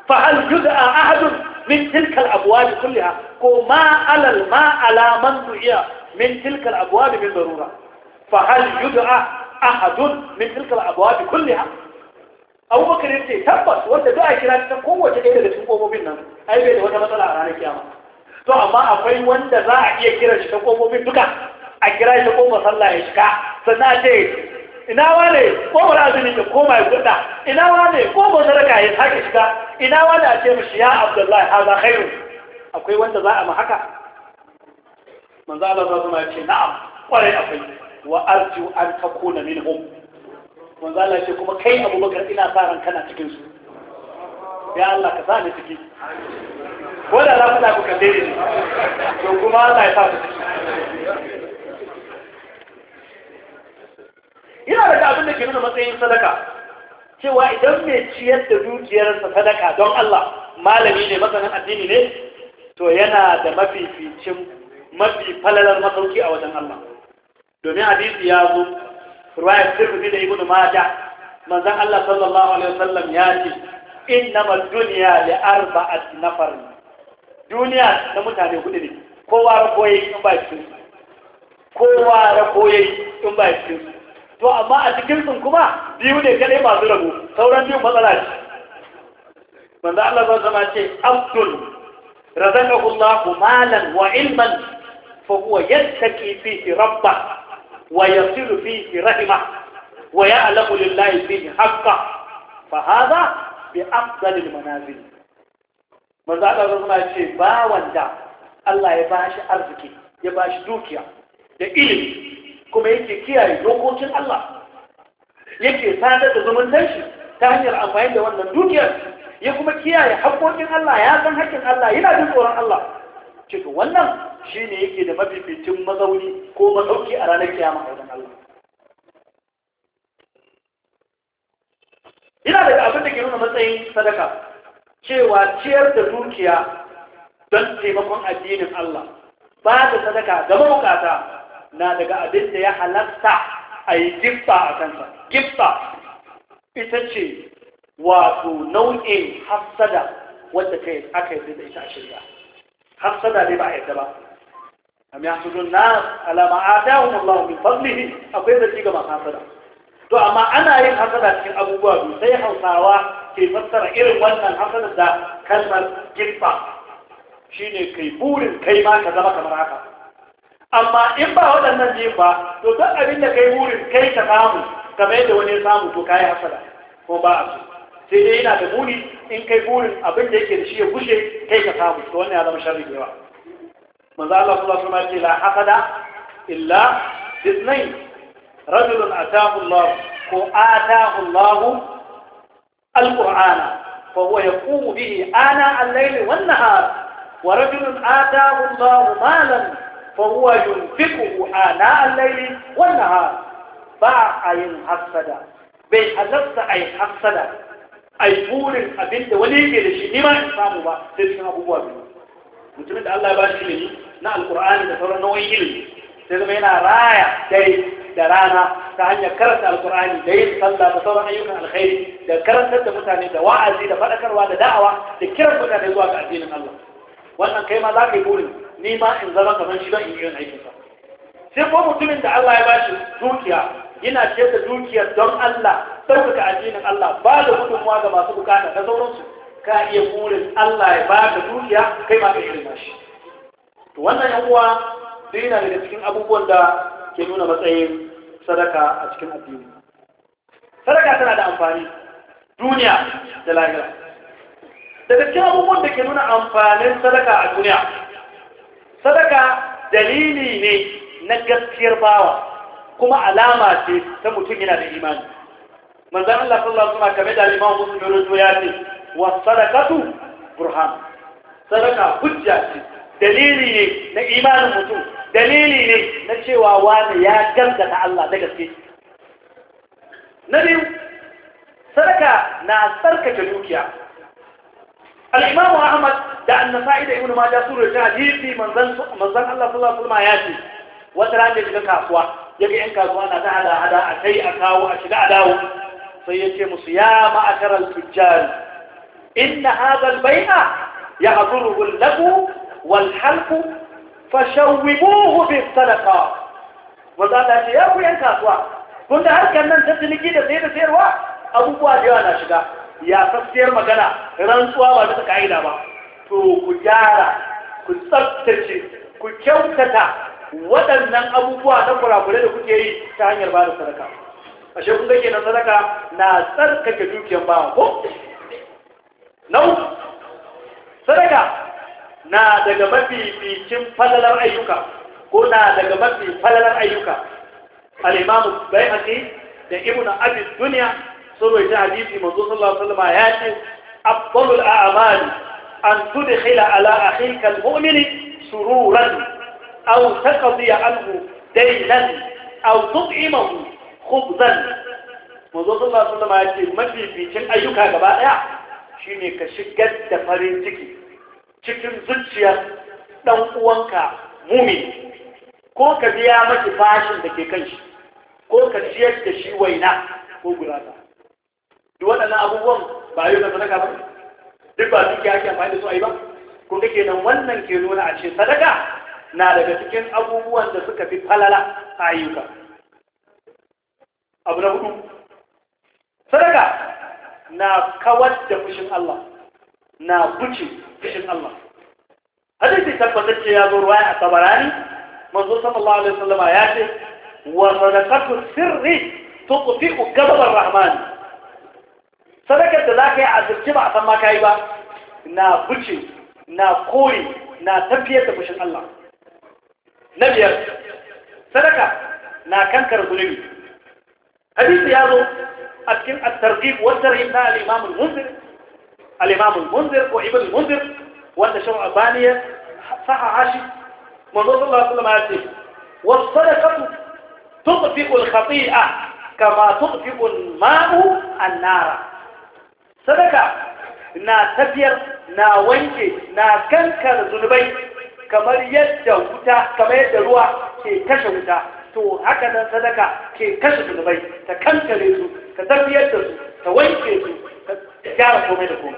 fa hal yud'a ahadun min tilkal abuwa kulliha ko ma alal ma alaman da iya min tilkal abuwa min darura fa hal yud'a ahadun min tilkal abuwa kulliha abubakar ya ce tabbas wanda za a kira ta kowace ɗaya daga cikin ƙofofin nan ai bai da wata matsala a ranar kiyama to amma akwai wanda za a iya kira shi ta ƙofofin duka a kira shi ƙofar sallah ya shiga sannan a ce ina wane ƙofar azumi ya koma ya guda ina wane ƙofar sadaka ya sake shiga ina ne a ce mashi ya abdullahi haza khairu akwai wanda za a ma haka manzo Allah ya ce na'am kwarai akwai wa arju an takuna minhum manzo Allah ce kuma kai abubakar ina sa ran kana cikin su ya Allah ka sa ni ciki ko da za ku da ku ka ni to kuma Allah ya sa ku ciki Ina daga abin da ke nuna matsayin sadaka cewa idan mai ciyar da dukiyarsa sadaka don Allah malami ne masanin addini ne to yana da mafificin mafi falalar masauki a wajen Allah domin hadisi ya zo ruwayar tirmidhi da ibnu majah manzon Allah sallallahu alaihi wasallam ya ce innamal dunya li arba'at nafar duniya na mutane hudu ne kowa rakoyi in ba cikin kowa rakoyi in ba cikin to amma a cikin sun kuma biyu ne kadai masu rabu sauran biyu matsala ce manzo Allah zai zama ce abdul razaqahu Allah malan wa ilman fa huwa yattaqi fihi rabba ويصل فيه رحمة ويعلم لله فيه حقا فهذا بأفضل المنازل manzo Allah zama ce ba wanda Allah ya bashi arziki ya bashi dukiya da ilimi kuma yake kiyaye dokokin Allah yake sadar da zumuntar shi ta hanyar amfani da wannan dukiyar ya kuma kiyaye haƙoƙin Allah ya san haƙƙin Allah yana jin tsoron Allah ce wannan shi ne yake da mafificin mazauni ko mazauki a ranar kiyama a wajen Allah ina daga abin da ke nuna matsayin sadaka cewa ciyar da dukiya don taimakon addinin Allah ba da sadaka ga mabukata na daga abin da ya halatta a yi gifta a kansa gifta ita ce wato nau'in hafsada wadda aka yi da ita a shirya hafsada ne ba a yadda ba am yahsudun nas ala ma atahum Allah min fadlihi akwai da ga masu hasada to amma ana yin hasada cikin abubuwa biyu sai Hausawa ke fassara irin wannan hasada da kalmar giffa shine kai burin kai ma ka zama kamar haka amma in ba waɗannan biyun ba to duk abin da kai burin kai ka samu kamar yadda wani ya samu to kayi hasada ko ba a so sai dai yana da muni in kai burin abin da yake da shi ya gushe kai ka samu to wannan ya zama sharri da yawa Maza Allah sallallahu alaihi wasallam ce la aqada illa bisnayn rajulun ataahu Allah ko ataahu Allah alqur'ana fa huwa yaqumu bihi ana al-layli wan nahar wa rajulun ataahu Allah malan fa huwa yunfiquhu ana al-layli wan nahar ba ayin hasada bai halatta ayin hasada ai burin abinda wani yake da shi ni ma in samu ba sai cikin abubuwa biyu mutumin da Allah ya ba shi ilimi na alkur'ani da sauran nauyin ilimi sai zama yana raya dai da rana ta hanyar karanta alkur'ani da yin sallah da sauran ayyukan alkhairi da karantar da mutane da wa'azi da faɗakarwa da da'awa da kiran mutane zuwa ga addinin Allah wannan kai ma za ka yi burin ni ma in zama kamar shi don in yi aikinsa sai ko mutumin da Allah ya bashi dukiya yana ce da dukiyar don Allah ɗaukaka addinin Allah ba da gudunmuwa ga masu bukata na sauransu ka iya burin Allah ya ba da dukiya kai ma ka irin nashi to wannan yan uwa sai yana daga cikin abubuwan da ke nuna matsayin sadaka a cikin addini sadaka tana da amfani duniya da lahira daga cikin abubuwan da ke nuna amfanin sadaka a duniya sadaka dalili ne na gaskiyar bawa kuma alama ce ta mutum yana da imani manzan Allah sallallahu alaihi wasallam kame da liman musulmi ya ce wa sadaqatu burhan sadaka hujja ce dalili ne na imanin mutum dalili ne na cewa wani ya gangata Allah da gaske na biyu sadaka na tsarkake dukiya al Imam ahmad da annasa'i da ibnu majah sura ta hadisi manzon manzon Allah sallallahu alaihi wasallam ya ce wata rana ya shiga kasuwa yaga yan kasuwa na ta hada hada a kai a kawo a shiga a dawo sai ya ce musu ya ma'akar al-tujjar inna hadha al-bay'a ya'dhuruhu lakum والحلق فشوبوه بالصدقات wanda Allah ce ya kasuwa kun harkar nan ta ciniki da sai da sayarwa abubuwa da yawa na shiga ya sassiyar magana rantsuwa ba ta ka'ida ba to ku gyara ku tsaftace ku kyautata waɗannan abubuwa na kurakure da kuke yi ta hanyar ba da sadaka ashe kun ga kenan sadaka na tsarkake dukiyar ba ko nau sadaka na daga mafificin falalar ayyuka ko na daga mafi falalar ayyuka al-imamu bayhaqi da ibnu abi dunya sun rawaita hadisi manzo sallallahu alaihi wasallam ya ce afdalul a'mal an tudkhila ala akhika al-mu'min sururan aw taqdi anhu daynan aw tut'imahu khubzan manzo sallallahu alaihi wasallam ya ce mafificin ayyuka gaba daya shine ka shigar da farin ciki cikin zuciyar ɗan uwanka mumi ko ka biya mashi fashin da ke kan shi ko ka ciyar da shi waina ko gurasa duk waɗannan abubuwan ba yi da sadaka ba duk ba duki ake amfani da su a yi ba ko ga nan wannan ke nuna a ce sadaka na daga cikin abubuwan da suka fi falala a ayyuka abu na hudu sadaka na kawar da fushin Allah na bucin fishin Allah hadisi tabbatar ce ya zo ruwaya a tabarani manzo sallallahu alaihi wasallam ya ce wa sadaqatu sirri tuqfi'u ghadab ar-rahman sadakar da zaka yi a zirci ba a san ma kai ba na buce na koyi na tafiyar da fushin Allah na biyar sadaka na kankar zunubi hadisi ya zo a cikin at-targhib wa tarhib na al-imam al-muslim الإمام المنذر وابن المنذر وأن شرع ثانية صح عاشي من رسول الله صلى الله عليه وسلم تطفئ الخطيئة كما تطفئ الماء النار صدقة نا تبير نا وينجي نا كنكر زنبي كما يجد وطا كما يجد الوا كي كشف وطا تو هكذا صدقة كي كشف زنبي تكنكر يزو كتبير يزو توينجي جارك ومنكم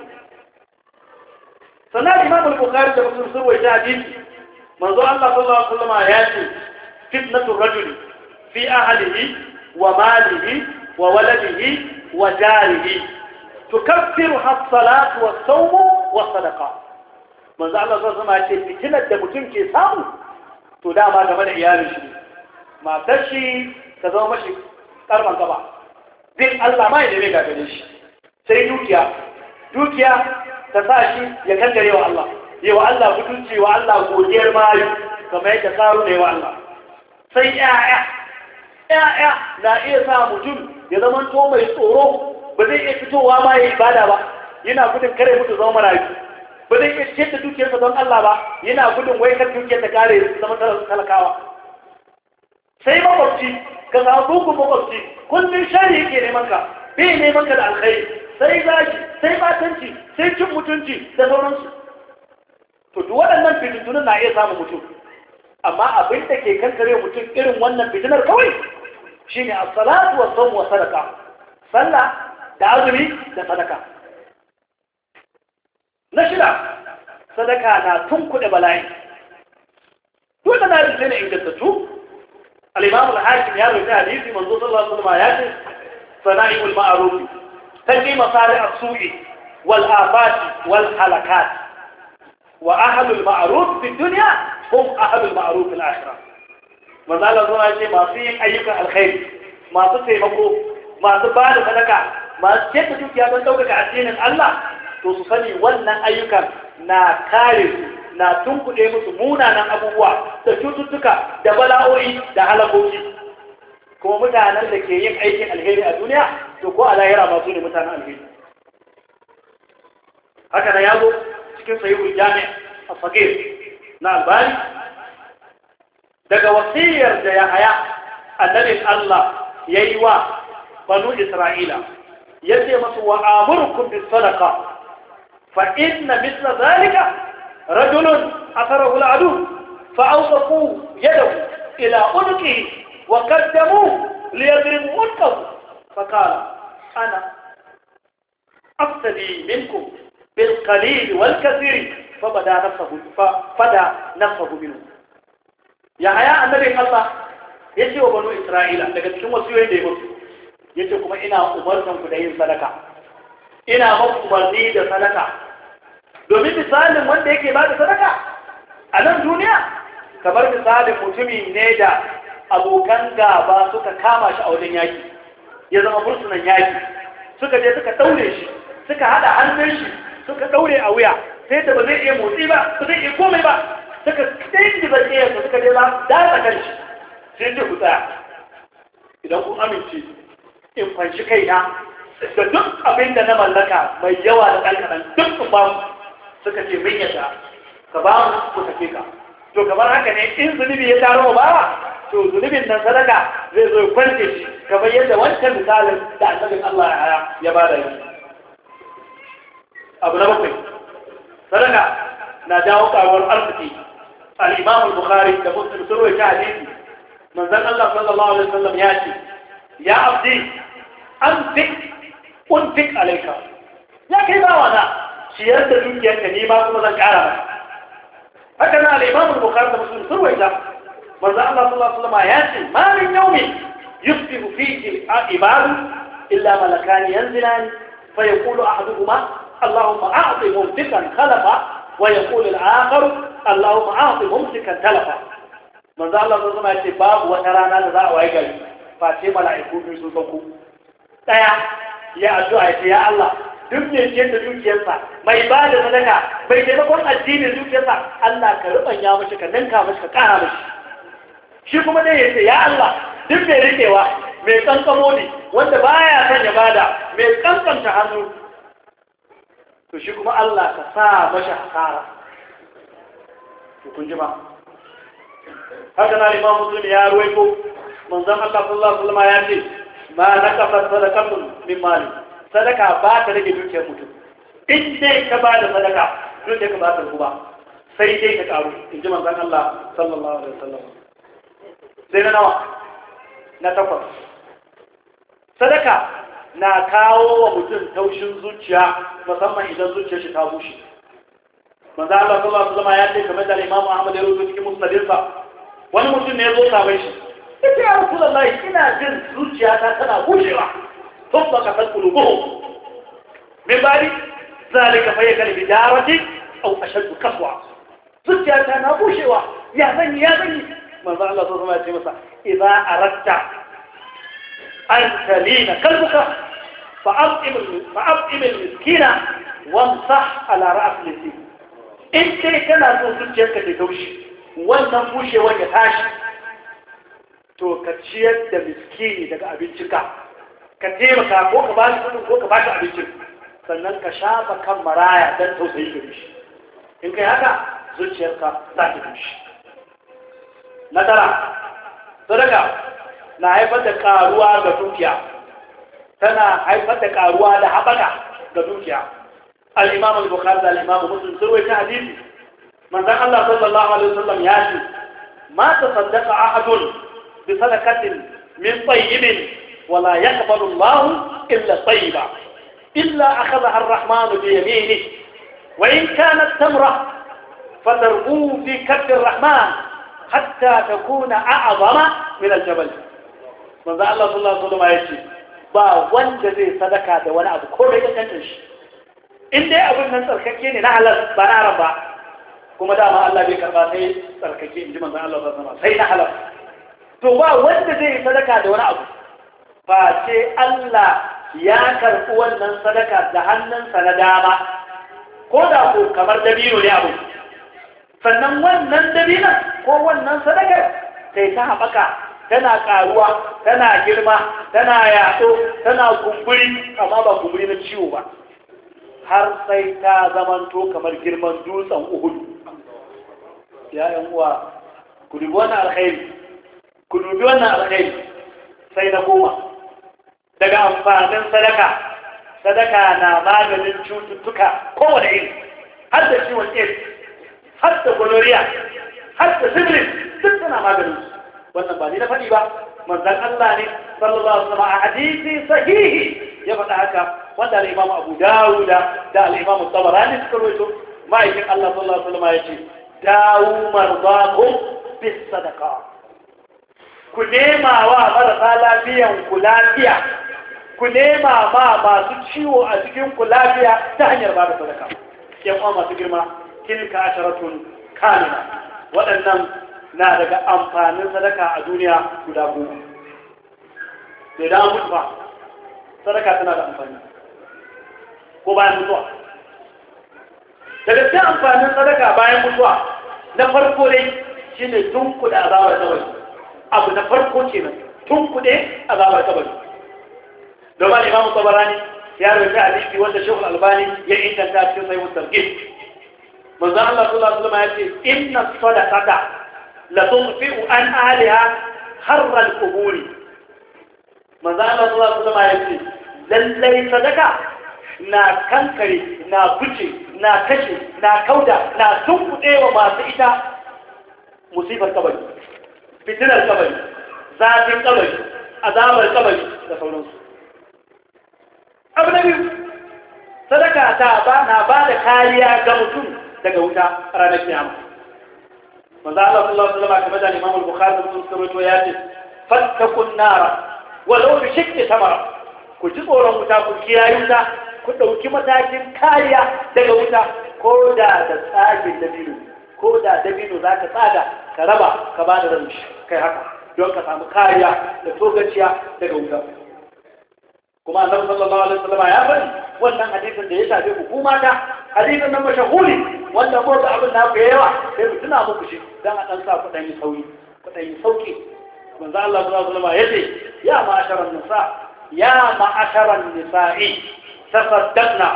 صلى الإمام البخاري كما سنصر ويشاهدين منذ الله صلى الله عليه وسلم آياته فتنة الرجل في أهله وماله وولده وجاره تكفر الصلاة والصوم والصدقاء منذ الله صلى الله عليه وسلم آياته فتنة دمتن كسام تدعى ما جمال عيال الشريف ما تشي كذا sai dukiya dukiya ta sa shi ya kankare wa Allah yi wa Allah mutunci wa Allah godiyar mayu kamar yadda karu yi wa Allah sai 'ya'ya na iya sa mutum ya zama to mai tsoro ba zai iya fitowa ma ya ibada ba yana gudun kare mutu zama marayu ba zai iya ciyar da dukiyarsa don Allah ba yana gudun wai kan dukiyar ta kare zama talakawa sai makwabci ka zaɓi hukun makwabci kullum shari'a ke neman ka bai neman ka da alkhairi sai gashi, sai batanci sai cin mutunci da sauransu to duk waɗannan fitintunan na iya samun mutum amma abin da ke kankare mutum irin wannan fitinar kawai ne a salatu wa wa sallah da azumi da sadaka na shida sadaka na kuɗe bala'i duk da na zai na ingantattu al-imam hakim ya rufe hadisi manzo sallallahu alaihi ya ce a ma'ruf تجري مصالح السوء والآفات والحلقات وأهل المعروف في الدنيا هم أهل المعروف في الآخرة manzo Allah zuwa ce masu yin ayyukan alkhairi masu taimako masu ba da sadaka masu kefe dukiya don ɗaukaka addinin Allah to su sani wannan ayyukan na kare su na tunkuɗe musu munanan abubuwa da cututtuka da bala'o'i da halakoki kuma mutanen da ke yin aikin alheri a duniya to ko a lahira ba su ne mutanen alheri haka na yazo cikin sahihul jami' a sagir na albani daga wasiyar da ya haya annabin Allah yayi wa banu isra'ila yace masu wa amurkum bi sadaqa fa inna mithla zalika rajulun atharahu al-adu fa awqafu yadahu ila unqihi وقدموا ليضربوا عنقه فقال انا أفتدي منكم بالقليل والكثير فبدا نفسه فبدا نفسه منه يا حيا النبي الله يجي wa اسرائيل isra'ila daga cikin wasiyoyin da ya yace kuma ina umartan ku da yin sadaka ina muku umarni da sadaka domin misalin wanda yake ba da sadaka a nan duniya kamar misalin mutumi ne da abokan gaba suka kama shi a wajen yaki ya zama bursunan yaki suka je suka daure shi suka hada hannun shi suka daure a wuya sai da ba zai iya motsi ba ba zai iya komai ba suka da ba iya su suka je za su datsa kan shi sai ce ku idan kun amince in fanshi kaina da duk abin da na mallaka mai yawa da ɗan duk in ba suka ce ka ba mu ku tafi ka to kamar haka ne in zunubi ya taro ba to zunubin nan sadaka zai zo kwance shi kamar yadda wancan misalin da annabin Allah ya bada shi abu na bakwai sadaka na jawo karuwar arziki al-imam al-bukhari da muslim sun rawaita hadisi manzon Allah sallallahu alaihi wasallam ya ce ya abdi an fik un fik alayka ya kai bawa na ciyar da dukiyarka ne ma kuma zan kara maka haka na al-imam al-bukhari da muslim sun rawaita manzo Allah sallallahu alaihi wasallam ya ce ma min yawmin yusbihu fihi al-ibad illa malakan yanzilan fa yaqulu ahaduhuma اللهم أعط ممسكا خلفا ويقول الآخر اللهم أعط ممسكا تلفا من ذا الله زما يتي باب وترانا ذا واي غري فاتي ملائكو بي سو سوكو دايا يا addu'a ya Allah duk ne ke da dukiyarsa mai ba da sadaka mai taimakon addinin dukiyarsa Allah ka rubanya mashi ka ninka mashi ka kara mashi shi kuma dai yace ya Allah duk mai rikewa mai kankamo ne wanda baya son ya bada mai kankanta hannu to shi kuma Allah ka sa mashi hasara to kun ji ma haka na limamu muslim ya ruwaito manzon Allah sallallahu alaihi wasallam ya ce ma nakafa sadaqatun min mali sadaka ba ta rage dukiyar mutum in dai ka ba da sadaka dukiyar ka ba ta ruba sai dai ka karu in ji manzon Allah sallallahu alaihi wasallam sai na nawa na takwas sadaka na kawo wa mutum taushin zuciya musamman idan zuciyar shi ta bushe manzo Allah sallallahu alaihi wasallam ya ce kamar da Imam Ahmad ya rubuta cikin musnadinsa wani mutum ne ya zo sabai shi yace ya Rasulullahi ina jin zuciyata tana bushewa tun baka san kulubuhu min bari zalika fa yakal bidarati aw ashaddu kaswa zuciyata na bushewa ya zan ya zani من فعل ذو ما يجي إذا أردت أن تلين قلبك فأطئم المسكينة وانصح على رأس لسيه انت كان هذا في الجهة اللي توشي والنفوشي وجهاش تو كتشيات دا مسكيني دا قابلتك كتيمة كوك باش كنو كوك باش كم مرايا دا توزيك بيش انك هذا زوجيات كتاك بيش na tara sadaka na haifar da karuwa ga dukiya tana haifar da karuwa da haɓaka ga dukiya al-imam al-bukhari da al-imam muslim sun rawaita hadisi manzon Allah sallallahu alaihi wasallam ya ce ma tasaddaqa ahadun bi sadaqatin min tayyibin wala yaqbalu Allah illa tayyiba illa akhadha ar-rahman bi yaminihi wa in kanat tamra fatarbu fi kaff ar-rahman hatta takuna a'zama min al-jabal manzo Allah sallallahu alaihi wasallam yace ba wanda zai sadaka da wani abu ko bai kankan shi in dai abin nan tsarkake ne na halal ba na haram ba kuma dama Allah bai karba sai tsarkake in ji manzo Allah sallallahu alaihi wasallam sai na halal to ba wanda zai sadaka da wani abu ba ce Allah ya karɓi wannan sadaka da hannunsa na dama ko da ko kamar dabino ne abu sannan wannan dabinan ko wannan sadakar sai ta haɓaka tana ƙaruwa tana girma tana yaɗo tana kumburi amma ba kumburi na ciwo ba har sai ta zamanto kamar girman dutsen uhudu ya yan uwa ku dubi wannan alkhairi ku dubi wannan alkhairi sai na goma daga amfanin sadaka sadaka na maganin cututtuka kowane iri har da ciwon aids har da gonoriya. har da sibili duk suna maganin wannan ba ni na faɗi ba manzan Allah ne sallallahu alaihi wasallam a hadisi sahihi ya faɗa haka wanda da imamu Abu Dawud da al-imamu Tabarani suka rawaito ma'aikin Allah sallallahu alaihi wasallam ya ce dawu marzakum bis sadaqa ku nema wa marasa lafiyan ku lafiya ku nema ma masu ciwo a cikin ku lafiya ta hanyar ba da sadaka yan uwa masu girma tilka asharatun kamila waɗannan na daga amfanin sadaka a duniya guda goma sai da mutu ba sadaka tana da amfani ko bayan mutuwa da gaske amfanin sadaka bayan mutuwa na farko dai kuɗa a zawar kabari abu na farko kenan a zawar kabari domin imamu tabarani ya a hadisi wanda shekul albani ya inganta cikin wutar gini مزان الله صلى الله عليه وسلم إن الصدقة لتنفئ أن أهلها خر الكبور مزان الله صلى الله عليه وسلم للي صدقة نا كنكري نا بجي نا كشي نا كودا نا سمت ايو ما سئتا مصيبة الكبري فتنة الكبري ذات الكبري عذاب الكبري لفعل نصر أبنبي صدقة تابا نا بعد خاليا كمتون daga wuta ranar kiyama manzo Allah sallallahu alaihi wasallam kamar da Imam al-Bukhari da Muslim rawaito ya ce fattakun nara walau bi shakki samara ku ji tsoron wuta ku kiyaye wuta ku dauki matakin kariya daga wuta ko da da tsagin dabino ko da dabino zaka tsaga ka raba ka ba da ranci kai haka don ka samu kariya da togaciya daga wuta kuma annabi sallallahu alaihi wasallam ya bari wannan hadisin da ya shafe ku kuma ta hadisin nan mashahuri wanda ko da abin naku ya yawa sai ku tuna muku shi dan a dan sa ku dan yi sauki ku dan yi sauki manzo Allah sallallahu alaihi wasallam yace ya ma'asharan nisa ya ma'asharan nisa'i tafaddana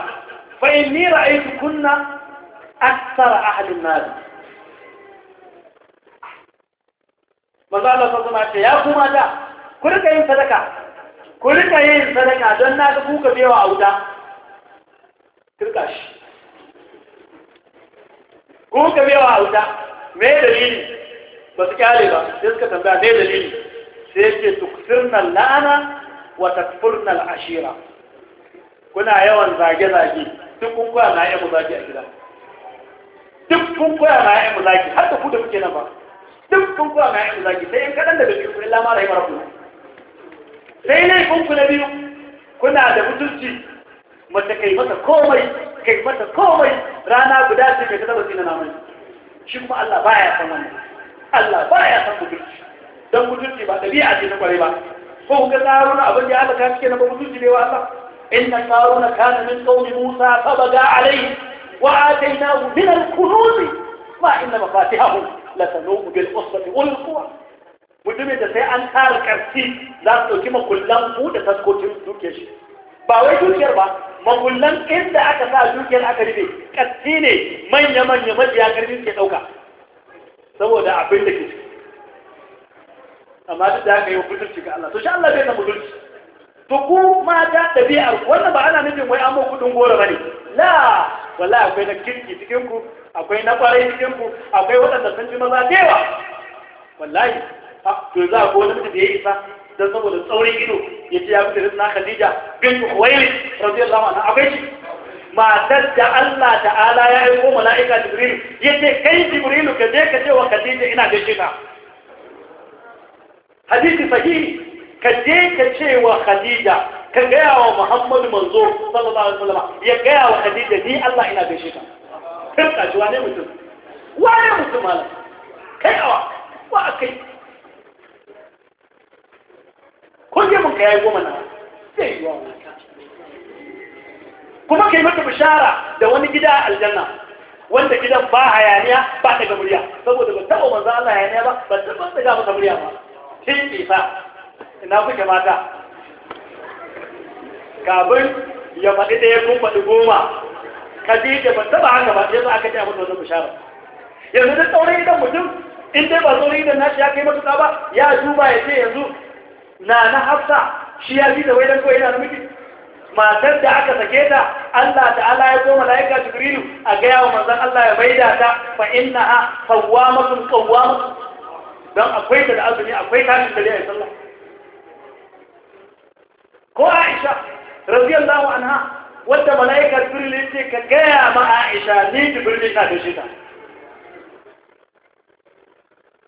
fa inni kunna akthar ahli an-nar manzo Allah sallallahu alaihi wasallam ya kuma da ku rika yin sadaka ku rika yin sadaka don na ga ku ka bewa a wuta kirka shi ko ka biya wa auta me dalili ba su kyale ba sai suka tambaya me dalili sai yake tuksirna la'ana wa takfurna al'ashira kuna yawan zage-zage duk kun koya na yamu zage a gida duk kun koya na yamu zage har da ku da kuke nan ba duk kun koya na yamu zage sai in kaɗan daga cikin illa ma rahimar ku sai ne kun ku na biyu kuna da mutunci mace kai masa komai kai mata komai rana guda ce mai taba zina na mai shi kuma Allah baya san wannan Allah baya san mutunci dan mutunci ba dabi'a ce ta kware ba ko ga tsaruna abin da aka kashi kenan ba mutunci ne wa Allah inna tsaruna kana min qaumi Musa fabaga alayhi wa atainahu min al-kunuz ma inna mafatihahu la tanubu bil usbati ul quwwah mutumin da sai an tsara karfi za su ɗauki makullan buɗe taskokin duke shi ba wai dukiyar ba magullan inda aka sa dukiyar aka rufe katsi ne manya manya majiya karfi ke dauka saboda abin da ke ciki amma duk da aka yi wa mutunci ga Allah to shi Allah bai na mutunci to ku da ɗabi'ar wannan ba ana nufin wai amma kudin gora bane la wallahi akwai na kirki cikin ku akwai na kwarai cikin ku akwai waɗanda sun ji maza dewa wallahi to za ko wani mutum da ya isa dan saboda tsaurin ido ya ce ya fita na khadija bin huwaili radiyallahu anha akwai shi matar da Allah ta'ala ya aiko mala'ika jibril ya ce kai jibril ka je ka ce wa khadija ina gaishe ka hadisi sahihi ka je ka ce wa khadija ka gaya wa muhammadu manzo sallallahu alaihi wasallam ya gaya wa khadija ni Allah ina gaishe ka kai ka ji wane mutum wane mutum ala, kai awa wa kai ko je mun kai goma na sai yi wa kuma kai mata bishara da wani gida a aljanna wanda gidan ba hayaniya ba ta murya saboda ba taɓa manzo Allah hayaniya ba ba taɓa daga ga murya ba sai ki fa ina kuke mata Kabin ya faɗi ɗaya kun faɗi goma kadija ba taɓa haka ba yanzu aka ɗaya mutu wajen bishara yanzu da tsaurin idan mutum in dai ba tsaurin idan nashi ya kai matuƙa ba ya duba ya ce yanzu na na hafsa shi ya bi da wai dan kawai yana miji matar da aka sake ta Allah ta'ala ya zo malaika jibrilu a ga yawo manzon Allah ya baida ta fa innaha qawwamatun qawwam dan akwai ta da azumi akwai tashin da ya sallah ko Aisha radiyallahu anha wadda malaika jibrilu ya ce ka gaya ma Aisha ni jibrilu ta dace ta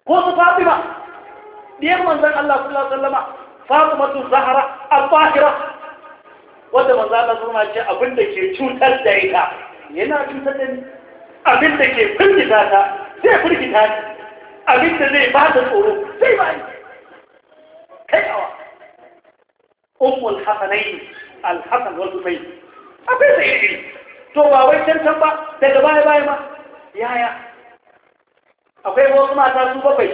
ko su Fatima diyar manzon Allah sallallahu alaihi wasallama fatimatu zahara a fahira wanda manzo Allah zuma ce abin da ke cutar da ita yana cutar da ni abin da ke firgita ta zai firgita ni abin da zai ba da tsoro zai ba ni kai awa ummul hasanai Alhassan, wasu wal husayn abin da yake to ba wai can can ba daga baya baya ma yaya akwai wasu mata su bakwai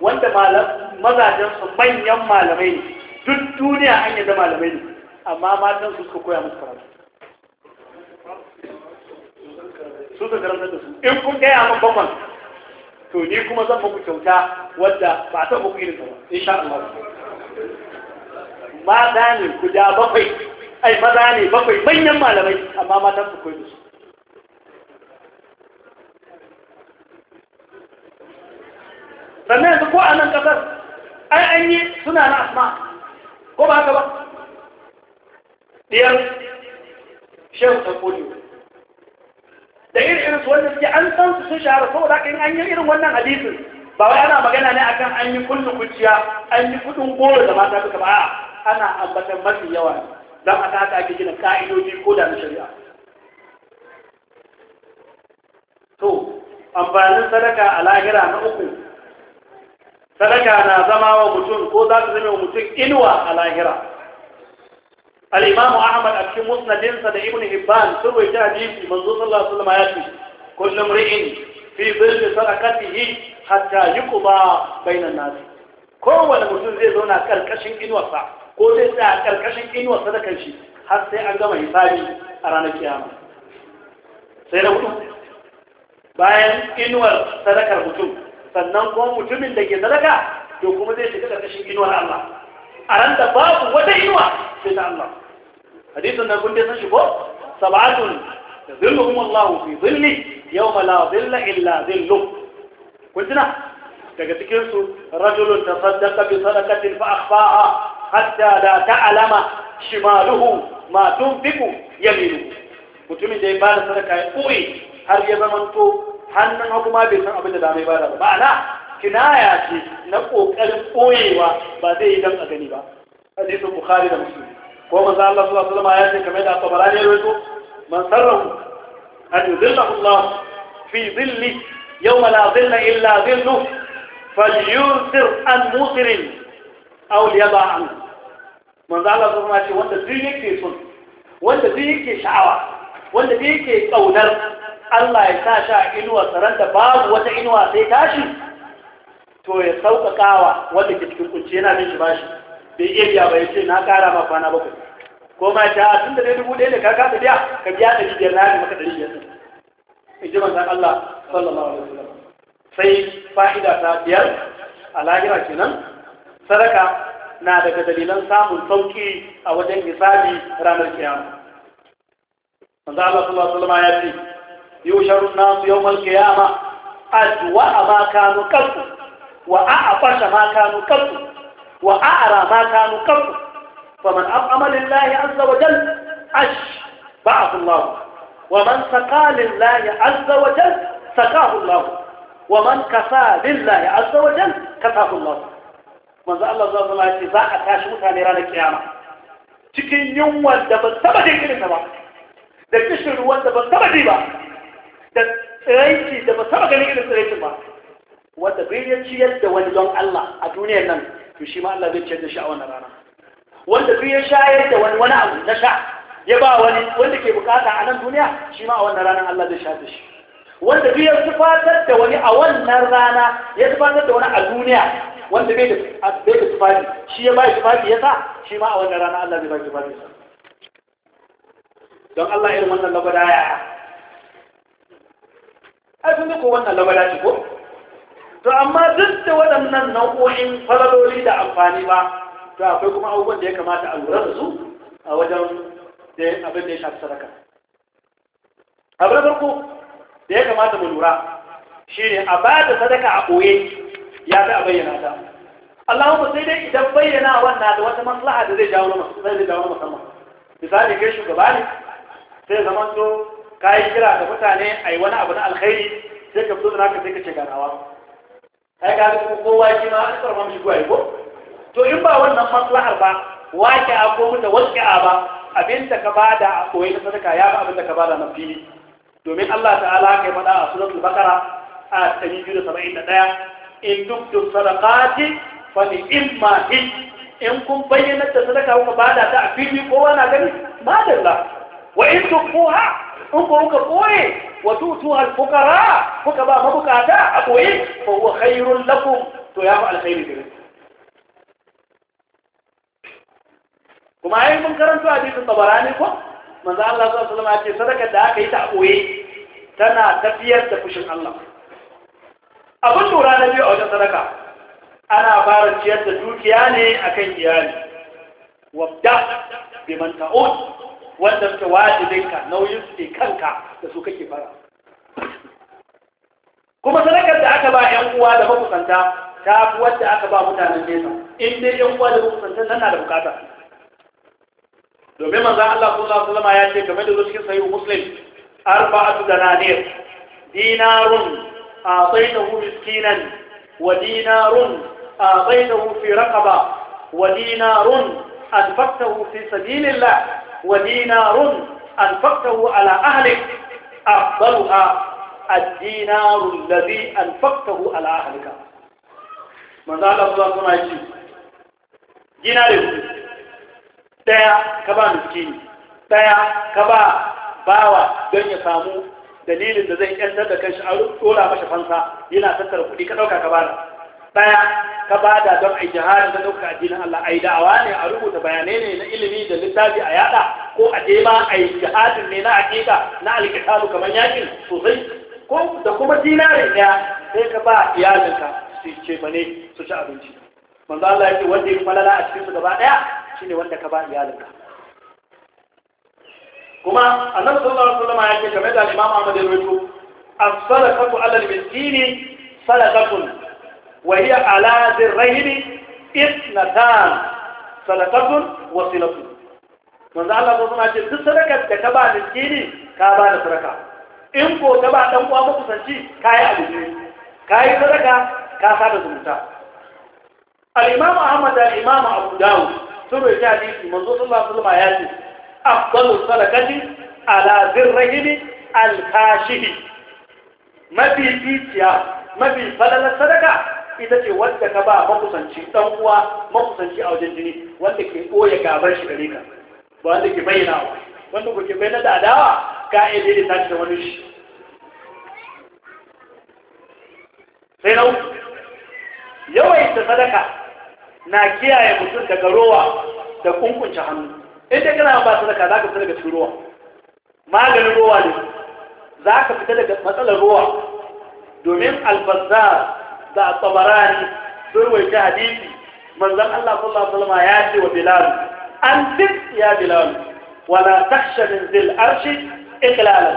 wanda malam mazajen su manyan malamai ne duk duniya an zama malamai ne amma matan su suka koya musu karatu su suka karanta da su in kun gaya min bakon to ni kuma zan muku kyauta wadda ba ta muku irin ba insha Allah mata ne guda bakwai ai maza ne bakwai manyan malamai amma matan su koyi su sannan yanzu ko a nan kasar ai an yi suna na asma ko ba ka ba Ɗiyar shan ta da irin irin su wanda suke an san su sun shahara saboda da an yi irin wannan hadisin ba wai ana magana ne akan an yi kullu kuciya an yi kudin goro da mata suka ba ana ambatan mafi yawa ne don a haka ake gina ka'idoji ko da na shari'a to amfanin sadaka a lahira na uku sadaka na zama wa mutum ko za ta zama wa mutum inuwa a lahira al-imamu ahmad a cikin musnadinsa da ibn hibban sun rawaita hadisi manzo sallallahu alaihi wasallam ya ce kullum ri'in fi dhilli sadaqatihi hatta yuqba bainan nas kowane mutum zai zauna karkashin inuwarsa ko zai tsaya karkashin inuwar sadakar shi har sai an gama hisabi a ranar kiyama sai na hudu bayan inuwar sadakar mutum sannan kuma mutumin da ke sadaka to kuma zai shiga ƙarƙashin inuwar Allah a ran da babu wata inuwa sai ta Allah hadisin nan kun dai san shi ko sab'atun dhilluhum Allah fi dhilli yawma la dhilla illa dhillu kun tuna daga cikin su rajulun tasaddaqa bi sadaqatin fa akhfaha hatta la ta'lama shimaluhu ma tunfiqu yaminuhu mutumin da ya bada sadaka ya koyi har ya zamanto hannun hagu ma bai san abin da damai ba da ba ma'ana kinaya ce na kokarin koyewa ba zai yi dan a gani ba hadisi bukhari da muslim ko manzo Allah sallallahu alaihi wasallam ya ce kamar da tabarani ya rawaito man sarrahu an yudillahu Allah fi dhilli yawma la dhilla illa dhillu falyusir an musirin aw liyaba an manzo Allah sallallahu alaihi wasallam ce wanda duk yake son wanda duk yake sha'awa wanda duk yake kaunar Allah ya sa shi a inuwa saranta babu wata inuwa sai tashi to ya sauƙaƙawa wanda ke cikin kunci yana min shi ba shi, bai iya biya ba ya ce na ƙara ma kwana bakwai ko ma ta tun da dubu ɗaya da ka kasa biya ka biya ɗari biyar na maka ɗari biyar in ji manzan Allah sallallahu alaihi wasallam sai fa'ida ta biyar a lahira kenan sadaka na daga dalilan samun sauƙi a wajen misali ranar kiyama manzan Allah sallallahu alaihi wasallam ya ce يوشر الناس يوم القيامة أسوأ ما كانوا قط وأعطش ما كانوا قط وأعرى ما كانوا قط فمن أطعم لله عز وجل أش بعث الله ومن سقى لله عز وجل سقاه الله ومن كفى لله عز وجل كفاه الله من Allah الله su الله za a tashi mutane ranar kiyama cikin yunwan da ban taba jin irin ba da tsiraici da ba saba ganin irin tsiraicin ba wanda bai ya ciyar da wani don Allah a duniyar nan to shi ma Allah zai ciyar da shi a wannan rana wanda bai ya shayar da wani wani abu na sha ya ba wani wanda ke bukata a nan duniya shi ma a wannan ranar Allah zai shayar da shi wanda bai ya tufatar da wani a wannan rana ya tufatar da wani a duniya wanda bai da bai da tufafi shi ya ba tufafi ya sa shi ma a wannan rana Allah zai ba tufafi don Allah irin wannan lagwadaya Aifin sun wannan lamara ce ko to amma duk da waɗannan nau'o'in falaloli da amfani ba to akwai kuma abubuwan da ya kamata a lura da su a wajen da abin da ya shafi sadaka abu na farko da ya kamata mu lura shi ne a ba da sadaka a ɓoye ya fi a bayyana ta Allahumma sai dai idan bayyana wannan da wata maslaha da zai jawo na musamman misali kai shugaba ne sai zama to Kayan kira da mutane a yi wani abu na alkhairi sai ka fito da naka sai ka ce ganawa ai ga kuma kowa shi ma an tsarfa mishi guwaye ko to in ba wannan maslahar ba wake a ko mutu waki'a ba abin da ka bada a koyi na sadaka ya ba abin da ka bada na fili domin Allah ta'ala haka ya faɗa a suratul baqara a 271 in duk sadaqati fa li imma in kun bayyana da sadaka kuka bada ta a fili kowa na gani madalla wa in tukfuha uku ko kuka wa tutu al kuka ba mabukata a koyi fa huwa khairul lakum to ya fa alkhairi gare kuma ayi mun karanto hadisin tabarani ko manzo Allah sallallahu alaihi wasallam ya ce sadaka da aka yi ta koyi tana tafiyar da fushin Allah abin lura na biyu a wajen sadaka ana fara ciyar da dukiya ne akan iyali wabda bi ta'ud wanda suke wajibinka nauyin su ke kanka da su kake fara kuma sadakar da aka ba yan uwa da makusanta ta fi wadda aka ba mutanen nesa in dai yan uwa da makusanta na da bukata domin manzan Allah sallallahu zama wasallam ya ce game da cikin sahih muslim arba'atu dananir dinarun a'taynahu miskinan wa dinarun a'taynahu fi raƙaba, wa dinarun anfaqtahu fi sabilillah ودينار أنفقته على أهلك أفضلها الدينار الذي أنفقته على أهلك ماذا قال الله سنة يجي دينار تايا كبا مسكين تايا كبا باوا دون يسامو dalilin da zai yantar da kan shi a dora masa fansa yana tattara kuɗi ka ɗauka ka bara ɗaya ka bada don a jihar da ɗauka addinin Allah a yi da'awa ne a rubuta bayanai ne na ilimi da littafi a yada ko a je ma a yi jihadin ne na hakika na alkitabu kamar yakin sosai ko da kuma dinare ɗaya sai ka ba iyalinka su ce ne, su ci abinci manzo Allah ya ce wanda ya falala a cikin su gaba ɗaya shine wanda ka ba iyalinka kuma annabi sallallahu alaihi wasallam ya ce game da Imam Ahmad bin Rubu as-sadaqatu 'ala al-miskin sadaqatun وهي على ذرين اثنتان صدقه وصله من ذا الله يقول لك تسرك تكبا نسكيني كابا نسركا انكو تبا تنقوا مقصنشي كاية عبدي كاية سركا كاية نسمتا الامام احمد الامام ابو داود سورة جادي من ذو الله صلى الله عليه أفضل الصدقة على ذرين الكاشه ما في فيتيا ما في فلل الصدقة ita ce wanda ka ba makusanci dan uwa makusanci a wajen jini wanda ke koya gaban shi gare ka ba wanda ke bayyana wa wanda ku ke bayyana da adawa ka iya daidai tashi da wani shi sai na uku yawaita sadaka na kiyaye mutum daga rowa da kunkunce hannu inda kana ba sadaka za ka fita daga cikin rowa maganin rowa ne za ka fita daga matsalar rowa domin albazar da at-tabarani surwaita hadisi manzon Allah sallallahu alaihi wasallam ya ce wa Bilal an tik ya Bilal wala takhsha min zil arshi iqlala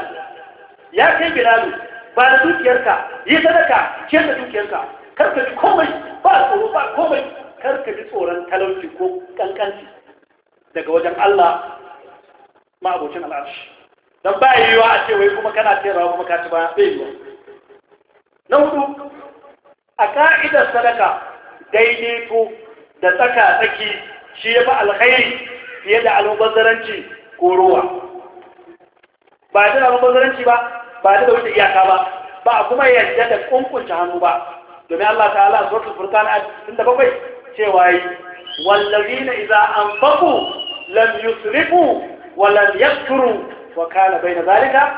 ya kai Bilal ba dukiyarka yi sadaka ce da dukiyarka kar ka ji komai ba tsoro ba komai kar ka ji tsoron talauci ko kankanci daga wajen Allah ma'abocin al'arshi don ba yiwuwa a ce wai kuma kana terawa kuma ka ci ba bai yiwuwa na hudu a ka'idar sadaka daidaito da tsaka tsaki shi ya fi alkhairi fiye da almubazzaranci ko ruwa ba da almubazzaranci ba ba da wuce iyaka ba ba a kuma yadda da kunkunta hannu ba domin Allah ta'ala a suratul furqan a 67 cewa yi wallazina idza anfaqu lam yusrifu wa lam yakturu wa kana baina zalika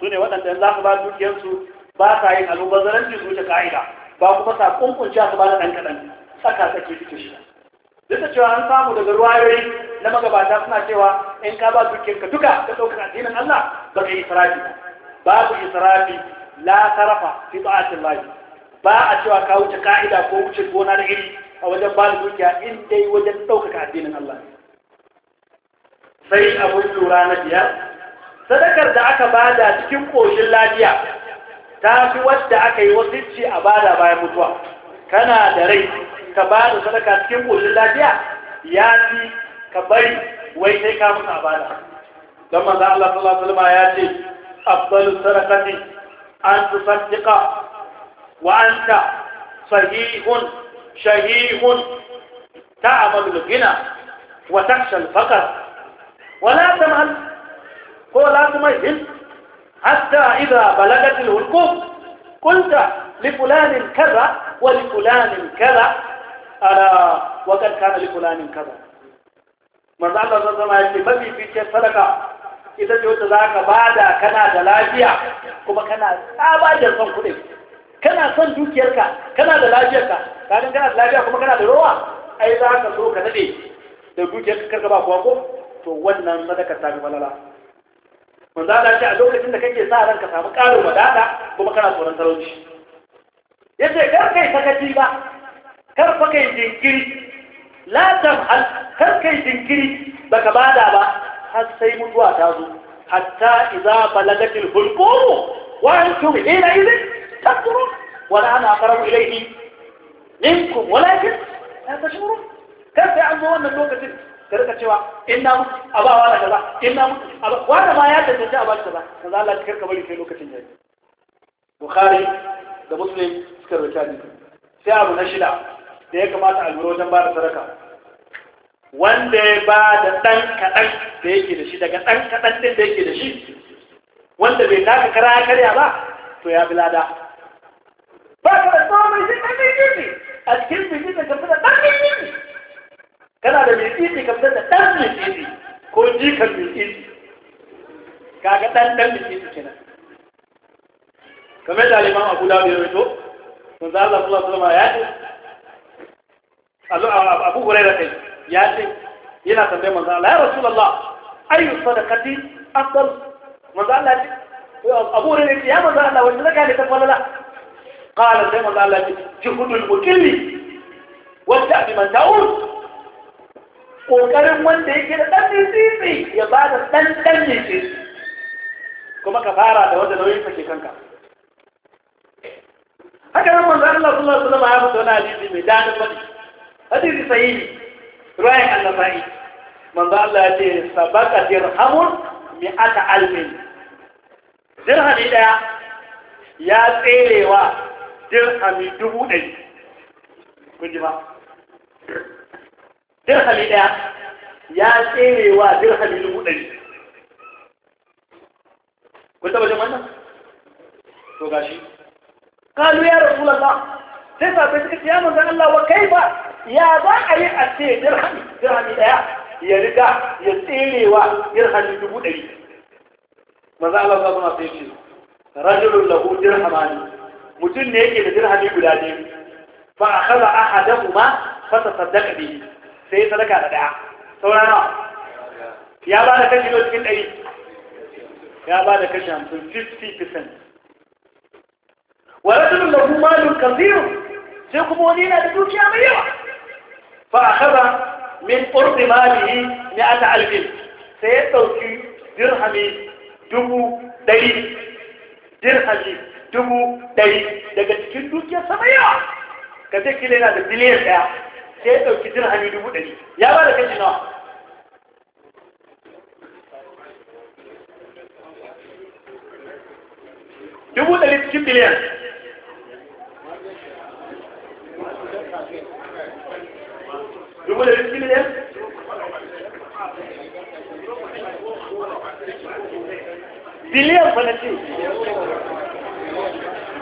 Su ne waɗanda za su ba dukiyarsu ba sa yin almubazzaranci su wuce ka'ida ba kuma sa a su ba da ɗan kaɗan saka sake suke shi duk da cewa an samu daga ruwayoyi na magabata suna cewa in ka ba ka duka ka ɗaukar addinin Allah ba ka yi sarafi Ba yi sarafi la sarafa fi ta'atin lahi ba a cewa ka wuce ka'ida ko wuce gona da iri a wajen ba da dukiya in dai wajen ɗaukaka addinin Allah sai abun lura na biyar sadakar da aka bada cikin koshin lafiya tafi wadda aka yi wasicci a bada bayan mutuwa kana da rai ka ba da sadaka cikin ƙoshin lafiya ya fi ka bari wai sai ka mutu a bada don manzo Allah sallallahu alaihi wasallam ya ce afdalu sadaqati an tusaddiqa wa anta sahihun shahihun ta'amalu al-ghina wa takhsha al-faqr wa la tamal ko la tamal حتى إذا بلغت الهلكوب قلت لفلان كذا ولفلان كذا وقد كان لفلان كذا مرضى الله صلى الله عليه وسلم في شيء صدقة إذا جوت ذاك بعد كنا دلاجية كما كنا آبا جرسون كنين كنا سن جوكيالك كنا دلاجية كنا كنا دلاجية كما كنا دلوا أي ذاك سوك ندي دو جوكيالك كرقبا فوقو تو ونن مدكتا بلالا manzo Allah ce a lokacin da kake sa ranka samu ƙarin wadata kuma kana tsoron talauci yace kar kai sakaci ba kar fa kai jinkiri la tamhal kar kai jinkiri baka bada ba har sai mutuwa ta zo hatta idza balagatil hulqum wa antum ila idhin takfurun wa la ana aqrabu ilayhi minkum walakin la tashurun kar sai an zo wannan lokacin ka rika cewa in na mutu a ba wani kaza in na mutu a ba wani ma ya tantance a ba kaza Allah ka karka bari sai lokacin yayi Bukhari da Muslim suka rubuta ni sai abu na shida da ya kamata a lura wajen ba da sadaka wanda ya ba da ɗan kaɗan da yake da shi daga ɗan kaɗan ɗin da yake da shi wanda bai taka kara karya ba to ya bi lada ba ka da tsawon mai shi ɗan ɗin a cikin bikin da tafi da ɗan kana da miƙiƙi ka fitar da ɗan miƙiƙi ko jikan miƙiƙi kaga ɗan ɗan miƙiƙi kenan kamar da liman abu da bai rito to za Allah sallallahu alaihi ya ce Abu Hurairah kai ya ce yana tambayar manzo Allah ya Rasulullah ayu sadaqati afdal manzo Allah ya ce Abu Hurairah ya manzo Allah wanda zaka ne ta falala qala sai manzo Allah ya ce juhudul mukilli wa ta'bi man ta'ud ƙoƙarin wanda yake da ɗan sisi ya ba da ɗan ɗan ne kuma ka fara da wanda nauyin sake kanka haka nan manzo Allah sallallahu alaihi wasallam ya fi na hadisi mai ba ne. hadisi sahihi ruwayan annabi manzo Allah ya ce sabaka dirhamun aka almin dirhami ɗaya ya tserewa dirhami dubu ɗari kun ji ba dirhami ɗaya ya tsere wa dirhami dubu ɗari kun taba jin wannan to gashi kalu ya rasu lalla sai sabai suka ce ya manzan Allah wa kai ba ya za a yi a ce dirhami dirhami ɗaya ya riga ya tserewa dirhami dubu ɗari maza Allah za su masu yake rajulun lahu dirhamani mutum ne yake da dirhami guda biyu fa akhadha ahadahuma fa tasaddaqa bihi sai sadaka da daya saura nawa ya ba da kashi cikin ɗari ya ba da kashi hamsin 50% wa rajulun lahu malun kathirun sai kuma wani yana da dukiya mai yawa fa akhadha min qurbi malihi mi'ata alfin sai ya dauki dirhami dubu dari dirhami dubu dari daga cikin dukiyar sama yawa ka ce kila yana da biliyan ɗaya. sai ya ɗauki dirhami dubu ɗari ya ba da kashi nawa dubu ɗari cikin biliyan dubu ɗari cikin biliyan biliyan fanaci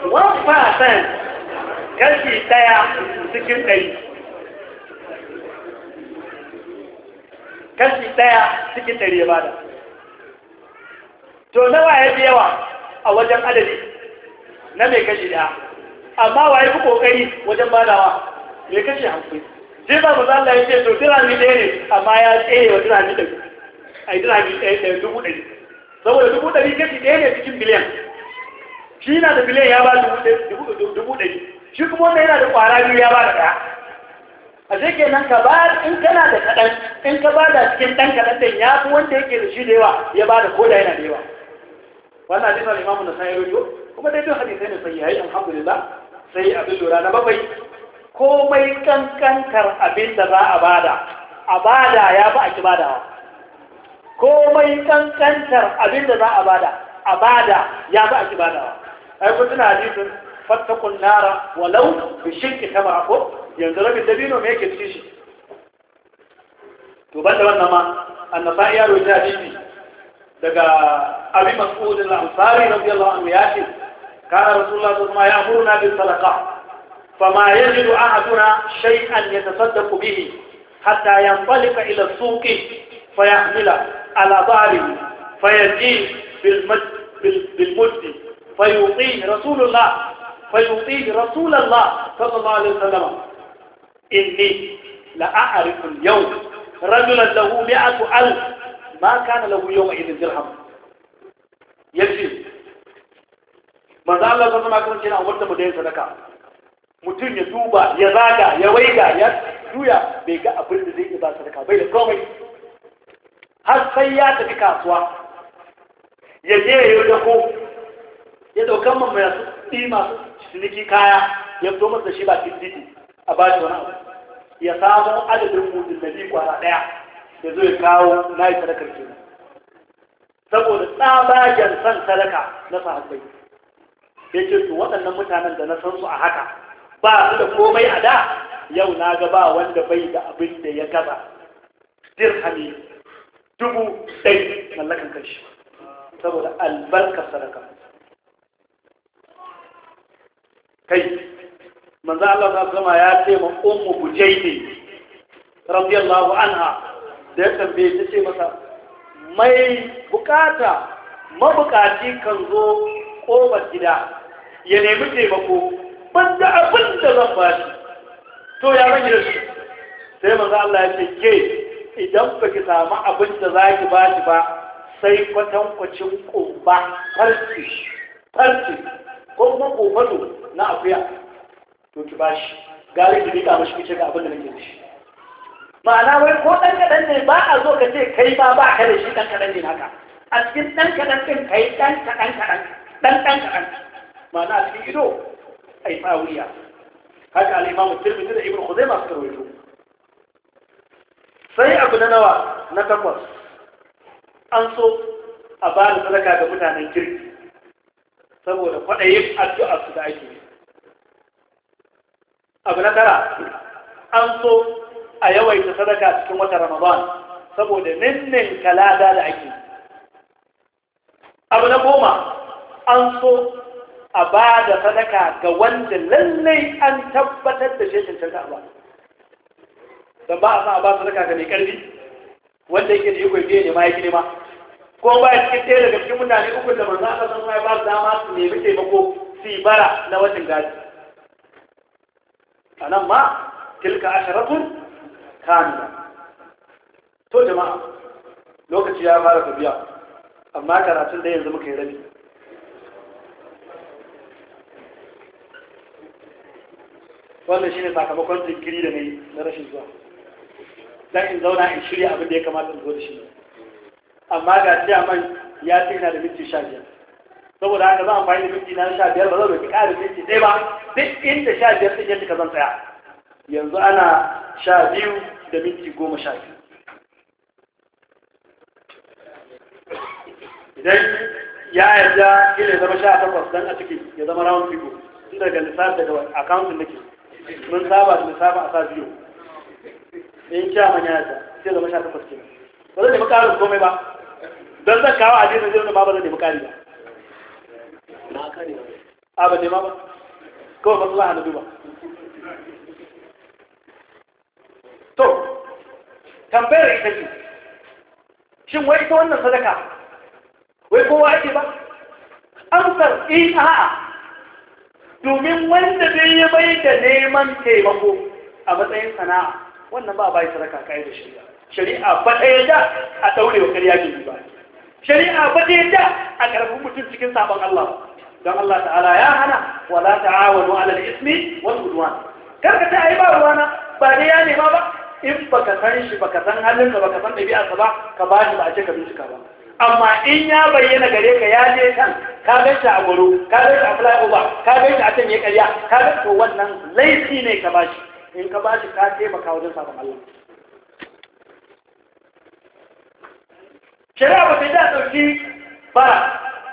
1% kashi ɗaya cikin ɗari kashi ɗaya cikin ɗari ya bada to nawa ya fi yawa a wajen adadi na mai kashi ɗaya amma wa ya fi ƙoƙari wajen badawa mai kashi hamsin zai ba mu zalla ya ce to dirami ɗaya ne amma ya tsaye wa dirami ɗari a yi dirami ɗaya ɗaya dubu ɗari saboda dubu ɗari kashi ɗaya ne cikin biliyan shi na da biliyan ya ba dubu ɗari shi kuma wanda yana da ƙwara biyu ya ba da ɗaya a ke nan ka ba in kana da kaɗan in ka ba da cikin ɗan kaɗan ɗin ya fi wanda yake da shi da yawa ya ba da koda yana da yawa wannan hadisan imamu na sa'ayi rajo kuma dai duk hadisai ne sahihai alhamdulillah sai abin lura na bakwai komai kankantar abin da za a bada a bada ya fi ake badawa komai kankantar abin da za a bada a bada ya fi ake badawa ai kun tuna hadisin فاتقوا النار ولو بالشرك كما عفو ينزل من دبينه ما يكتشيش تبدل أنما النصائي أروي تأشيدي دقى أبي مسؤول الأنصاري رضي الله عنه ياشي كان رسول الله ما يأمرنا بالصدقة فما يجد أحدنا شيئا يتصدق به حتى ينطلق إلى السوق فيحمل على ظهره فيجيب بالمجد, بالمجد فيطيه رسول الله فيطيع رسول الله صلى الله عليه وسلم إني لأعرف اليوم رجلا له مئة ألف ما كان له يومئذ درهم يمشي manzo Allah sallallahu alaihi wasallam yana umarta mu da yin sadaka mutum ya duba ya zaga ya waiga ya juya bai ga abin da zai iya ba sadaka bai da komai har sai ya tafi kasuwa ya je ya yi dako ya daukan mu masu ɗi masu ciniki kaya ya zo masa shi ba titi a ba shi wani abu ya samu adadin mutum da bi kwana ɗaya ya zo ya kawo na yi sadakar saboda tsabagen san sadaka na sahabbai ya ce su waɗannan mutanen da na san su a haka ba su da komai a da yau na ga ba wanda bai da abin da ya gaza dirhami dubu ɗai mallakan kanshi saboda albarkar sadaka kai manzo Allah ta sama ya ce ma ummu bujaydi radiyallahu anha da ya tambaye ta ce masa mai bukata mabukaci kan zo kofar gida ya nemi taimako ban da abin da zan ba shi to ya rage da shi sai manzo Allah ya ce ke idan ba ki samu abin da za ki ba shi ba sai kwatankwacin kumba farce farce ko kuma kofato na akuya to ki bashi gari da rika mashi kice ga abin da nake da shi ma'ana wai ko dan kadan ne ba a zo ka ce kai ba ba ka da shi dan kadan ne haka a cikin dan kadan din kai dan kadan kadan dan dan kadan ma'ana a cikin ido ai wuya. haka al-Imam Tirmidhi da Ibn Khuzaimah suka rawaito sai abu na nawa na takwas an so a ba da sadaka ga mutanen kirki saboda kwaɗayin addu'a su da ake abu na tara an so a yawaita sadaka cikin wata ramadan saboda ninnin kalada da ake abu na goma an so a ba da sadaka ga wanda lallai an tabbatar da shekin canza ba don ba a sa a ba sadaka ga mai ƙarfi wanda yake da yi kwaifiyar ne ma yake ne ma ko ba cikin ɗaya daga cikin mutane uku da manzo Allah sun ba za dama su nemi taimako su bara na gaji. gadi anan ma tilka asharatun kamila to jama'a lokaci ya fara tafiya amma karatun da yanzu muka yi rabi wannan shine sakamakon jinkiri da na yi na rashin zuwa dan in zauna in shirya abin da ya kamata in zo da shi ne. amma ga man ya ce yana da minti sha biyar saboda haka zan amfani da minti na sha biyar ba zan roƙi ƙarin minti ɗaya ba duk inda sha biyar sun yadda ka zan tsaya yanzu ana sha biyu da minti goma sha biyu idan ya yarda kila zama sha takwas don a ciki ya zama round figo, tun daga lissafi daga akawuntin nake mun saba da lissafi a sa biyu in kya manya yarda sai zama sha takwas ke. ba zai nemi ƙarin komai ba don zan kawo hadisin jirgin ma ba da nemi kari ba a ba nema ba kawai matsala na duba to tambayar ita ce shin wai ita wannan sadaka wai kowa ake ba amsar in eh, a'a domin wanda zai yi bai da neman taimako a matsayin sana'a wannan ba a bai sadaka kai da shari'a shari'a ba ɗaya da a ɗaure wa ƙarya ke ba shari'a ba zai da a ƙarfin mutum cikin sabon Allah don Allah ta'ala ya hana wala ta'awanu ala al-ismi wal udwan karka ta yi ba ruwana ba dai ya nema ba in baka san shi baka san halin ka baka san dabi'arsa ba ka ba shi ba a ce ka bincika ba amma in ya bayyana gare ka ya je kan ka ga shi a goro ka ga shi a over, ka ga shi a can ya karya ka ga to wannan laifi ne ka ba shi in ka ba shi ka taimaka wajen sabon Allah shari'a ba sai da ɗauki bara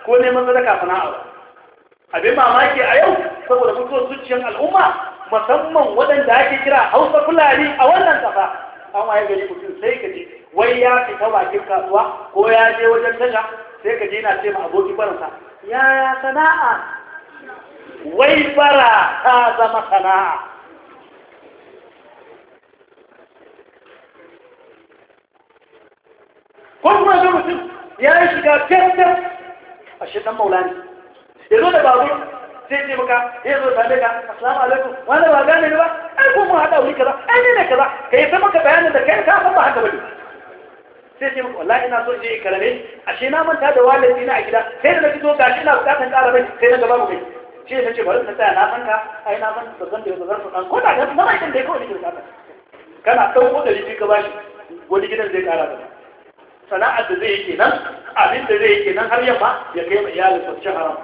ko neman sadaka sana'a ba abin mamaki a yau saboda mutuwar zuciyar al'umma musamman waɗanda ake kira hausa fulani a wannan ƙasa an waye gari mutum sai ka ji wai ya fita bakin kasuwa ko ya je wajen tasha sai ka ji na ce ma aboki baransa yaya sana'a wai bara ta zama sana'a ko kuma yanzu mutum ya yi shiga fiyar a shi ɗan maula ne ya zo da babur sai ce maka ya eh, zo same ka assalamu alaikum wani ba gane ni ba ai ko haɗa wuri kaza ai ne ne kaza ka yi ta maka bayanin da kai ka san ba haka bane sai ce maka wallahi ina so je yi karame ashe na manta da walidi na a gida sai da na fito gashi na bukatan ƙara bai sai na gaba mu kai shi ne ce bari na tsaya na san ka ai na san da zan da zan san ko da na mai kan da kawai ne kana ɗauko ɗari ka bashi wani gidan zai ƙara gaba sana'ar da zai yi kenan abin da zai yi kenan har yamma ya kai ma iyalin kwanci haram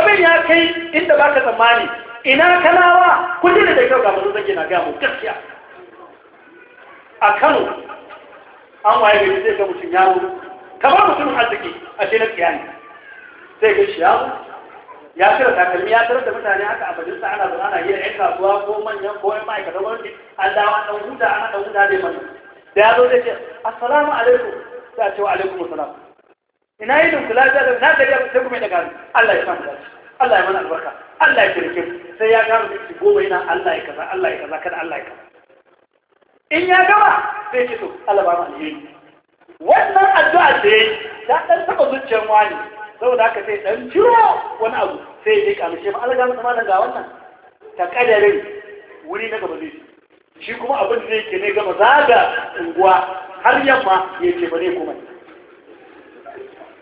abin ya kai inda ba ka tsammani ina kanawa kudin da kyau ga mazu zage na gaya mu gaskiya a kano an waye gari zai ga mutum yaro kamar mutumin arziki a ce na tsiyani zai ga shi yawo ya cire takalmi ya tarar da mutane haka a bajinsa ana zuwa ana yi yan kasuwa ko manyan ko yan ma'aikatan gwamnati an dawa ɗan huda ana ɗan huda zai mana da ya zo zai ce assalamu alaikum sai a ce wa alaikum assalam ina yi dinku lafiya da na gari abu sai kuma ya daga Allah ya samu dace Allah ya mana albarka Allah ya kirkin sai ya gama minti goma yana Allah ya kaza Allah ya kaza kada Allah ya kaza in ya gama sai ce to Allah ba mu alheri wannan addu'a ce ta dan taba zuciyar wani saboda haka sai dan ciro wani abu sai ya dika mishi ba Allah ga masa malam ga wannan ta kadarin wuri na gaba zai shi kuma abin da zai ke ne gama zaga unguwa har yamma ya ce ba ne kuma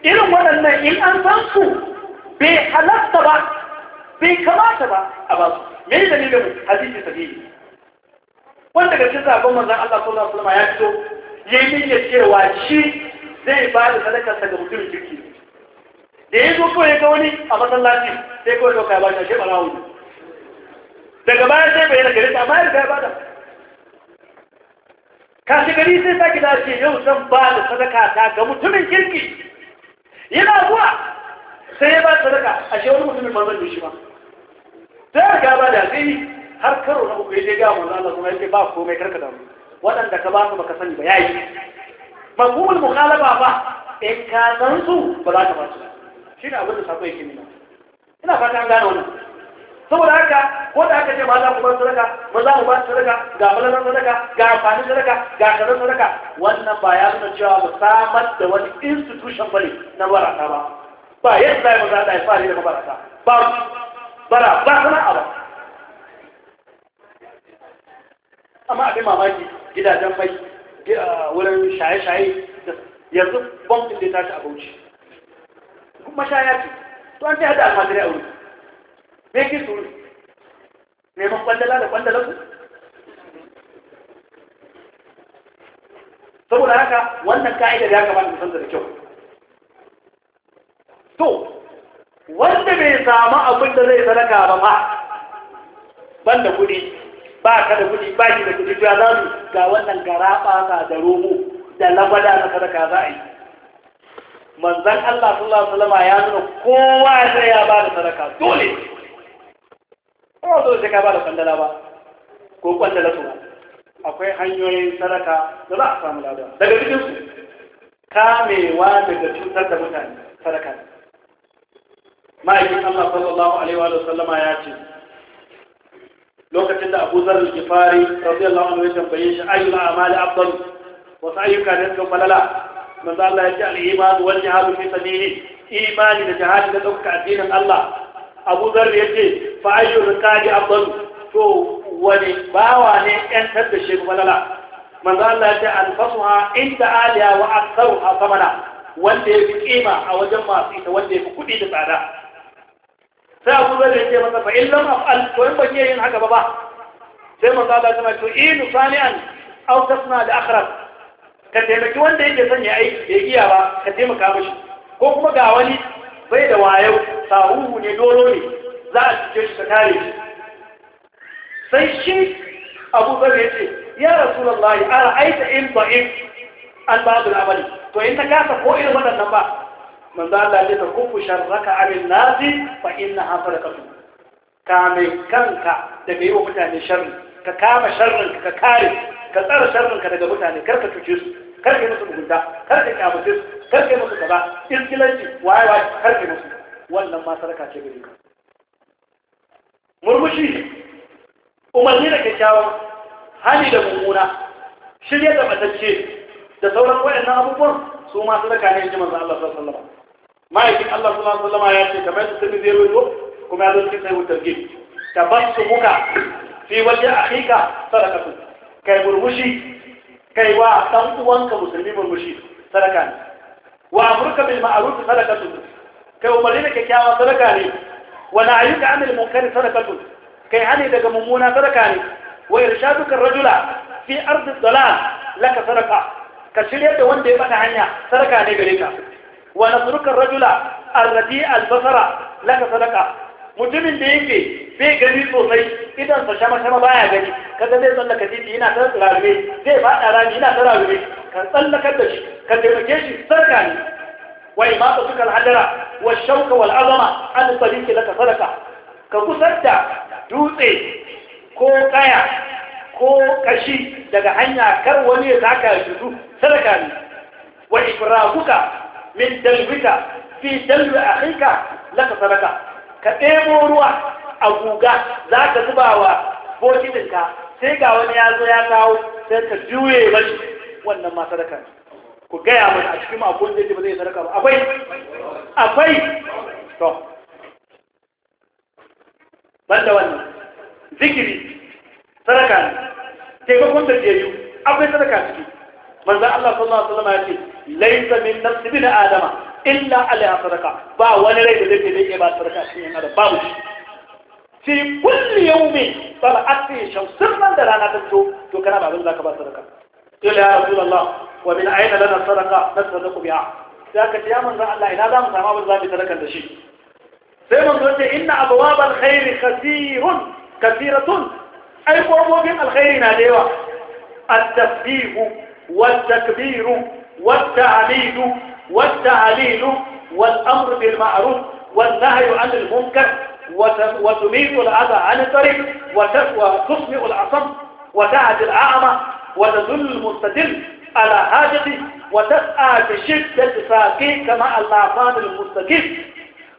irin waɗannan in an san su bai halatta ba bai kamata ba a ba su me dalilin hadisi sahihi wanda ga cikin sabon manzon Allah sallallahu alaihi wasallam ya fito yayi niyyar cewa shi zai ba da sadakarsa ga mutum kirki da ya zo ya ga wani a masallaci sai kawai ɗauka ya ba shi a shebara daga baya sai bayyana gare ta amma ya bada kashi gari sai sake ce yau zan ba da sadaka ta ga mutumin kirki yana zuwa sai ya ba sadaka a shi wani mutumin ba zai shi ba ta ya gaba da zai har karo na uku ya je gawa manzon Allah kuma yake ba komai karka damu waɗanda ka ba su baka sani ba ya yi mafhumul mukalaba ba in ka san su ba za ka ba su shi ne abin da sako yake nuna ina fata an gane wannan saboda haka ko da aka ce ba za mu ba sadaka ba za mu ba sadaka ga malaman sadaka ga amfanin sadaka ga karin sadaka wannan ba ya nuna cewa mu samar da wani institution bane na barata ba ba yadda ya maza da ya fara da barata ba bara ba sana'a ba amma abin mamaki gidajen mai ah, wurin shaye-shaye yanzu bankin da ta ci a bauchi kuma shaya ce to an ta yada almajirai a wuri me yake tsoro neman kwandala da kwandalar su saboda haka wannan ka'idar ya kamata da musamman da kyau to wanda bai samu abin da zai sadaka ba ma ban da kuɗi ba ka da kuɗi ba ki da kudi ya za mu ga wannan gara ɓata da romo da labada na sadaka za a yi manzan Allah sallallahu alaihi wasallam ya nuna kowa ya ba da sadaka dole ba zo da ka ba da kwandala ba ko kwandala su akwai hanyoyin sadaka da za a samu lada daga cikin su kamewa daga cutar da mutane sadaka ma'aikin Allah sallallahu alaihi wa sallama ya ce lokacin da Abu Zar al-Ghifari radiyallahu anhu ya tambaye shi ayyul a'mali afdal wasu ayyuka ne suka falala manzo Allah ya ce al-iman wal jihad fi sabili imani da jihad da dauka addinin Allah abu zar ya ce fa ayyu rikadi afdalu to wani bawa ne 'yantar da shi malala manzo Allah ya ce anfasuha inda aliya wa aktharuha thamana wanda ya fi kima a wajen masu ita wanda ya fi kuɗi da tsada sai abu zar ya ce masa fa illam af'al to in ban yin haka ba ba sai manzo Allah ya ce to in sani'an aw tasna da akhras ka taimaki wanda yake son ya aiki bai iya ba ka taimaka mashi ko kuma ga wani bai da wayo sahuhu ne doro ne za a cike shi ta kare shi sai shi abu ya ce ya rasulullahi a ra'aita in ba in an ba su amali to in ta kasa ko irin waɗannan ba za a ya ta kufu sharraka in nasi hafa da kasu ka mai kanka da mai wa mutane sharri ka kama sharrin ka kare ka tsara sharrin ka daga mutane kar ka cuce su kar ka yi musu mugunta kar ka kyamuce su kar ka yi musu gaba iskilanci waye waye kar ka yi musu wannan ma sarka ce gare ka murmushi umarni da kyakkyawan hali da mummuna shirya da matacce da sauran waɗannan abubuwan su ma sadaka ne ji manzo Allah sallallahu alaihi wasallam ma'aikin Allah sallallahu alaihi wasallam ya ce kamar su tafi zai rubuto kuma ya zo cikin sai wutar gidi tabassumuka fi wajhi akhika sadaqatu kai murmushi kai wa dan uwanka musulmi murmushi sadaka ne wa amurka bil ma'ruf sadaqatu كومرينك كي أو صدقاني ونعيك عن المنكر صدقته كي هني دك ممونا صدقاني وإرشادك الرجل في أرض الضلال لك صدقة كشلية وان دي بك عنيا صدقاني بليك ونصرك الرجل الرديء البصر لك صدقة مجمين بيكي بي جميل بوصي إذا انتشام شما بايا بي كذا دي صلى كتير دينا تراغبي دي بايا راجينا تراغبي كان صلى كدش كان دي مكيشي صدقاني وإماتتك الحجرة والشوك والعظمة أن صديق Ka صدقة da dutse ko kaya ko kashi daga hanya kar wani ya taka yuzu sadaka ne wa ifrahuka min dalbika fi dalbi akhika laka sadaka ka ɗebo ruwa a guga za ka zuba wa bokitinka sai ga wani ya zo ya kawo sai ka juye mashi wannan ma sadaka ne ku gaya mai a cikin makon da ba zai sadaka ba akwai akwai to banda wannan zikiri sadaka ne taimakon da jeju akwai sadaka ciki manzan Allah sallallahu alaihi wasallam ya ce laisa min nafsi bin adama illa alaiha sadaka ba wani rai da zai da ba sadaka cikin yana da babu shi fi kulli yawmin sala'ati shamsun nan da rana ta to to kana ba zan zaka ba sadaka قال يا رسول الله ومن أين لنا الصدقة نتصدق بها ذاك يا من ذا الله إنا ذا من سامع بالذات ترك الشيء سيما قلت إن أبواب الخير كثير كثيرة أي أبواب الخير ناديوة التسبيح والتكبير والتعميد والتعليل والأمر بالمعروف والنهي عن المنكر وتميت الأذى عن الطريق وتسمع العصم وتعد الأعمى وتظل المستدل على حاجته وتسعى بشدة ساقيه كما الأعصاب المستكف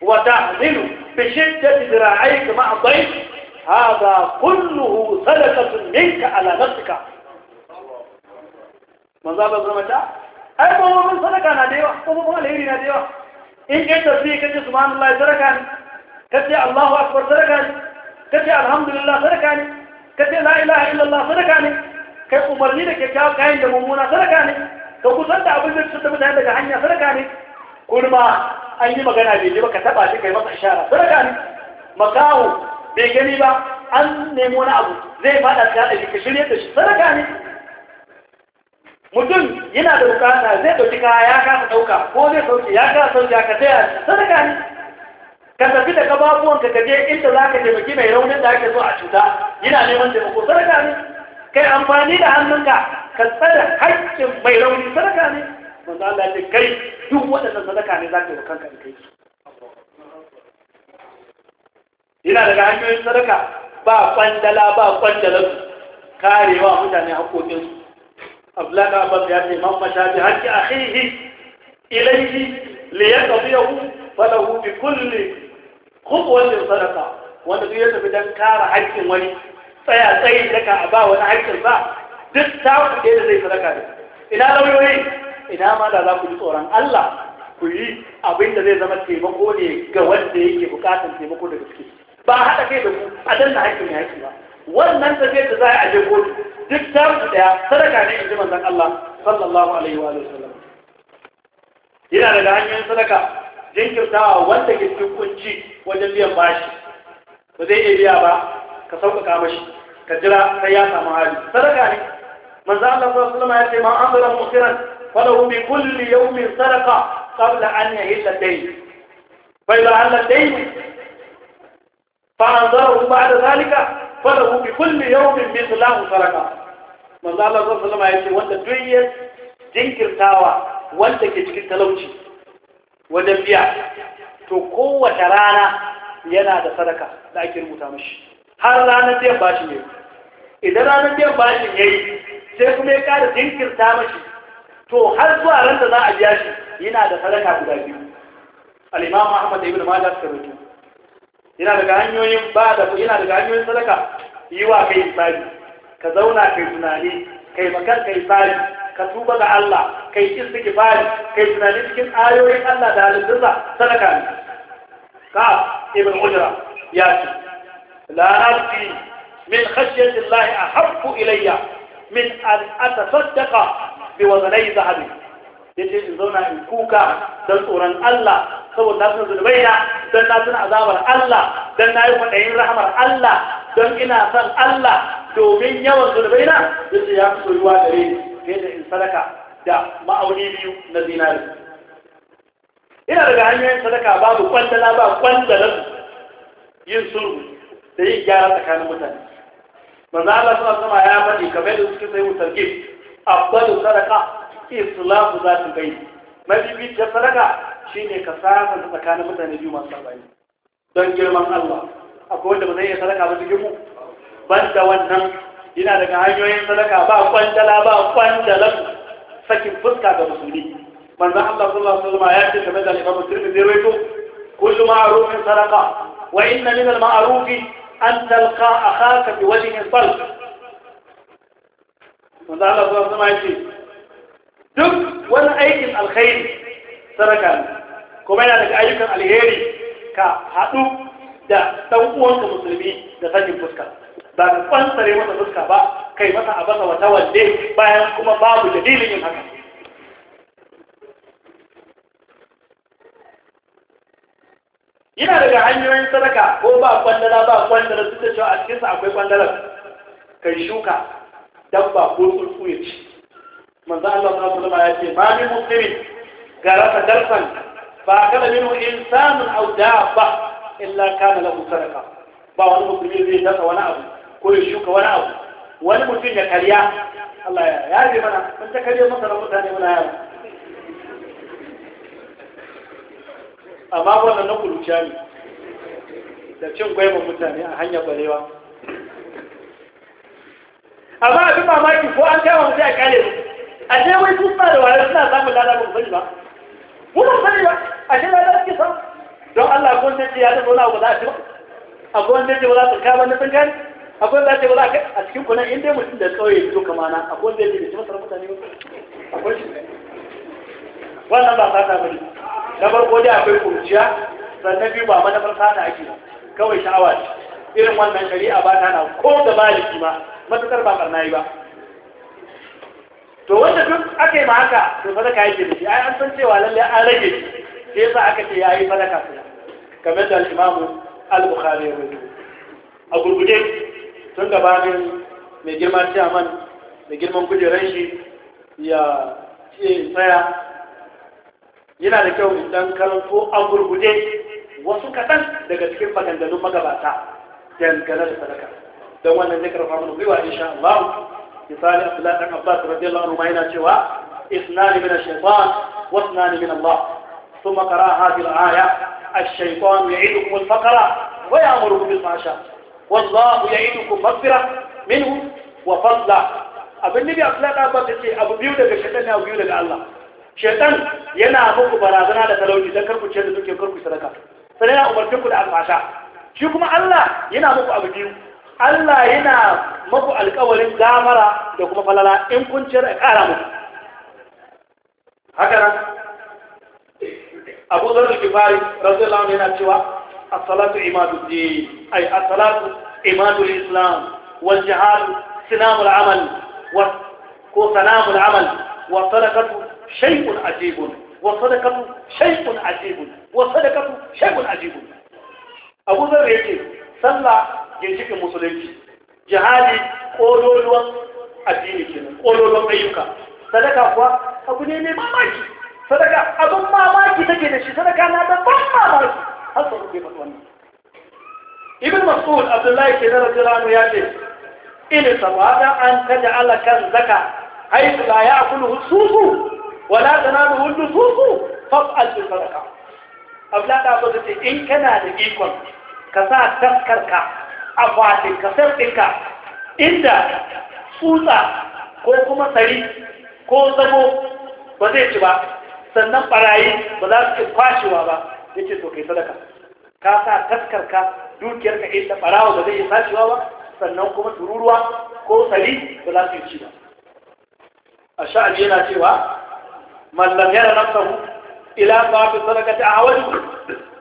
وتعمل بشدة ذراعيك مع الضيف هذا كله صدقة منك على نفسك ماذا بس رمجا؟ أي هو من صدقة أنا ديوة بابا ما ليري أنا ديوة إن كنت تسريه كنت سبحان الله صدقة كنت الله أكبر صدقة كنت الحمد لله صدقة كنت لا إله إلا الله صدقة kai umarni da kyakkyawan kayan da mummuna sadaka ne ka kusan da abin da su da mutane daga hanya sadaka ne kurma an yi magana bai ji ba ka taba shi kai masa ishara sadaka ne makawo bai gani ba an nemi wani abu zai fada ta da ka shirye da shi sadaka ne mutum yana da bukata zai dauki kaya ya kasa dauka ko zai sauke ya kasa sauke ka taya sadaka ne ka tafi da gababuwan ka je inda za ka taimaki mai raunin da ake so a cuta yana neman taimako sadaka ne kai amfani da hannunka ka tsada haƙƙin mai rauni sadaka ne manzo Allah ya ce kai duk waɗannan sadaka ne za ka yi kanka da kai Ina daga hanyoyin sadaka ba kwandala ba kwandalar karewa mutane Abdullahi ya haƙoƙinsu أبلغ أبا يعني من مشى بحج أخيه إليه ليقضيه bi kulli, khutwatin sadaka. wanda duk ya tafi dan kare haƙƙin wani tsaya tsayi daga a ba wani haƙƙin ba duk ta kuɗe da zai sadaka ne. ina lauyoyi ina ma da za ku ji tsoron Allah ku yi abin da zai zama taimako ne ga wanda yake bukatar taimako da gaske ba haɗa kai da ku a danna haƙƙin ya ba wannan tafiyar da za a je kotu duk ta ɗaya sadaka ne in ji manzon Allah sallallahu alaihi wa sallam yana daga hanyoyin sadaka jinkirtawa wanda ke cikin kunci wajen biyan bashi ba zai iya biya ba ka sauƙaƙa mashi ka jira sai ya samu hali sadaka ne manzo Allah sallallahu alaihi wasallam ya ce ma an zara musiran falahu bi kulli yawmin sadaqa qabla an yahilla dayn fa idha halla dayn fa anzarahu ba'da zalika falahu bi kulli yawmin mithlahu sadaqa manzo Allah sallallahu alaihi wasallam ya ce wanda duk ya jinkirtawa wanda ke cikin talauci wajen biya to kowace rana yana da sadaka da ake rubuta mashi har ranar biyan bashi ne, idan ranar biyan bashin ya yi sai kuma ya ƙara jinkirta mashi to har zuwa ran da za a biya shi yana da sadaka guda biyu al'imam ahmad ibn malik sarautu yana daga hanyoyin ba da yana daga hanyoyin sadaka yi wa kai tsari, ka zauna kai tunani kai makar kai tsari ka tuba ga Allah kai kin istighfari kai tunani cikin ayoyin Allah da halittarsa sadaka ne ka ibn ujra ya ce لا min من خشية الله أحب إلي من أن أتصدق بوزني ذهبي yace in zauna in kuka don tsoron Allah saboda na suna zunubai don na suna azabar Allah don na yi kwaɗayin rahamar Allah don ina son Allah domin yawan zunubaina, na yace ya fi soyuwa gare ni fiye da in sadaka da ma'auni biyu na zinari ina daga hanyoyin sadaka babu kwandala ba kwandala yin sulhu da yin gyara tsakanin mutane manzo Allah sallallahu alaihi wasallam ya faɗi kamar da suke sai mutarki afdalu sadaqa islamu zatul bayt mafi ta sadaka shine ka sasa tsakanin mutane biyu masu sabani don girman Allah akwai wanda ba zai iya sadaka ba cikin mu banda wannan yana daga hanyoyin sadaka ba kwandala ba kwandalan sakin fuska ga musulmi manzo Allah sallallahu alaihi wasallam ya ce kamar da Imam Tirmidhi rawaito kullu ma'rufin sadaqa wa inna min al-ma'rufi أن تلقى أخاك بوجه الطلق ماذا على الله سمع يجي دب ولا أيكم الخير سركا كمين لك أيكم الهيري كهاتو دا توقوان كمسلمين دا سجن فسكا دا نفان سريمة فسكا با كي مسا أبسا وتوى الدين با يحكم باب جديل من حكم yana daga hanyoyin sadaka ko ba kwandala ba kwandala su da cewa a cikinsa akwai kwandala kai shuka dabba ko tsuntsu ya ci manzo Allah ta alaihi ya ce ma muslimi gara garasa darsan fa kana minhu insanun aw dabba illa kana lahu sadaka ba wani muslimi zai dasa wani abu ko ya shuka wani abu wani mutum ya karya Allah ya yaje mana mun ta karya masa ne muna yara amma wannan na kuruciya ne da cin gwaiban mutane a hanyar barewa amma abin mamaki ko an kama mutu a kare su a ce wai su ba da wani suna samun lada ba sani ba mu ba sani ba a ce lada suke samu don Allah ko ne ce ya ta zauna ba za a ce ba ko ne ce ba za su kama na sun gani akwai wanda ce ba za a cikin kunan inda mutum da tsawaye ya fito kamana ko ne ce da ci masarar mutane ba akwai shi wannan ba sata bane na farko dai akwai kurciya sannan biyu ba manufar sata ake kawai sha'awa ce irin wannan shari'a ba ta na ko da baliki ma matakar ba karna yi ba to wanda duk aka yi ma haka to ka yake da shi ai an san cewa lallai an rage shi sai yasa aka ce yayi sadaka kamar da al imamu al-Bukhari ya rubuta a gurguje tun gabanin mai girman ciyaman mai girman kujerar shi ya ce tsaya yana da kyau dan karanto a gurguje wasu kaɗan daga cikin maganganun magabata dangane da sadaka don wannan zai karfa mana gwiwa insha Allah misali Abdullah dan Abbas radiyallahu anhu yana cewa isnani min ash-shaytan wa isnani min Allah thumma qara hadhihi al-aya ash-shaytan ya'idukum al-faqra wa ya'murukum bil-fahsha wallahu ya'idukum maghfirah minhu wa fadla abin nabi Abdullah dan Abbas yace abu biyu daga shaytan ne abu biyu daga Allah shekan yana muku barazana da talauci don karku ce da suke karku sadaka sai yana umarce ku da alfasha shi kuma Allah yana muku abu biyu Allah yana muku alƙawarin gamara da kuma falala in kun ce da ƙara muku haka nan Abu Dharr al-Ghifari radiyallahu anhu yana cewa as-salatu imadu ay as-salatu imadu al-islam wal jihad sinamul amal wa ko sanamul amal wa sadaqatu شيء عجيب وصدقة شيء عجيب وصدقة شيء عجيب أبو ذر يقول صلى جنسك المسلمين جهالي قولوا لوا الدين قولوا لوا أيوكا صدقة هو أبو نيمة ماماكي صدقة أبو ماماكي تكيدشي صدقة أنا أبو ماماكي هل صدقة كيف أتواني ابن مسؤول عبد الله كذا رجل عنه يأتي إن سواد أن تجعل كان زكا حيث لا يأكله السوسو wala da tanalu wudusuku faf'al bil sadaqa abla da ba ta in kana da ikon ka sa taskarka a fatin ka sarfinka inda tsutsa ko kuma sari ko zago ba zai ci ba sannan barayi ba za su kwashewa ba yake ce kai sadaka ka sa taskarka dukiyarka inda barawa ba zai yi sacewa ba sannan kuma tururuwa ko sari ba za su yi ci ba a sha'ani yana cewa من لم يرى نفسه إلى بعض صدقة أعوج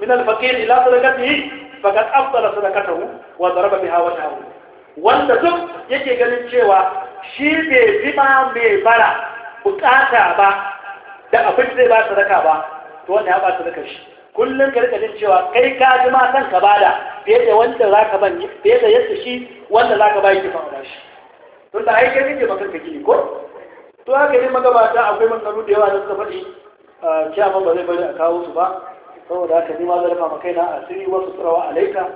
من الفقير إلى صدقته فقد أفضل صدقته وضرب بها وجهه wanda duk yake ganin cewa shi bai zima mai bara bukata ba da abin zai ba sadaka ba to wanda ya ba sadaka shi kullum ka rika jin cewa kai ka ji ma kanka bada fiye da wanda zaka ban fiye da yadda shi wanda zaka ba yake fama da shi tun da ai kai kake maka kake ko to haka ne magabata akwai mangaru da yawa da suka faɗi kyaman ba zai bari a kawo su ba saboda haka ni ma zan rufa kaina asiri wasu a alaika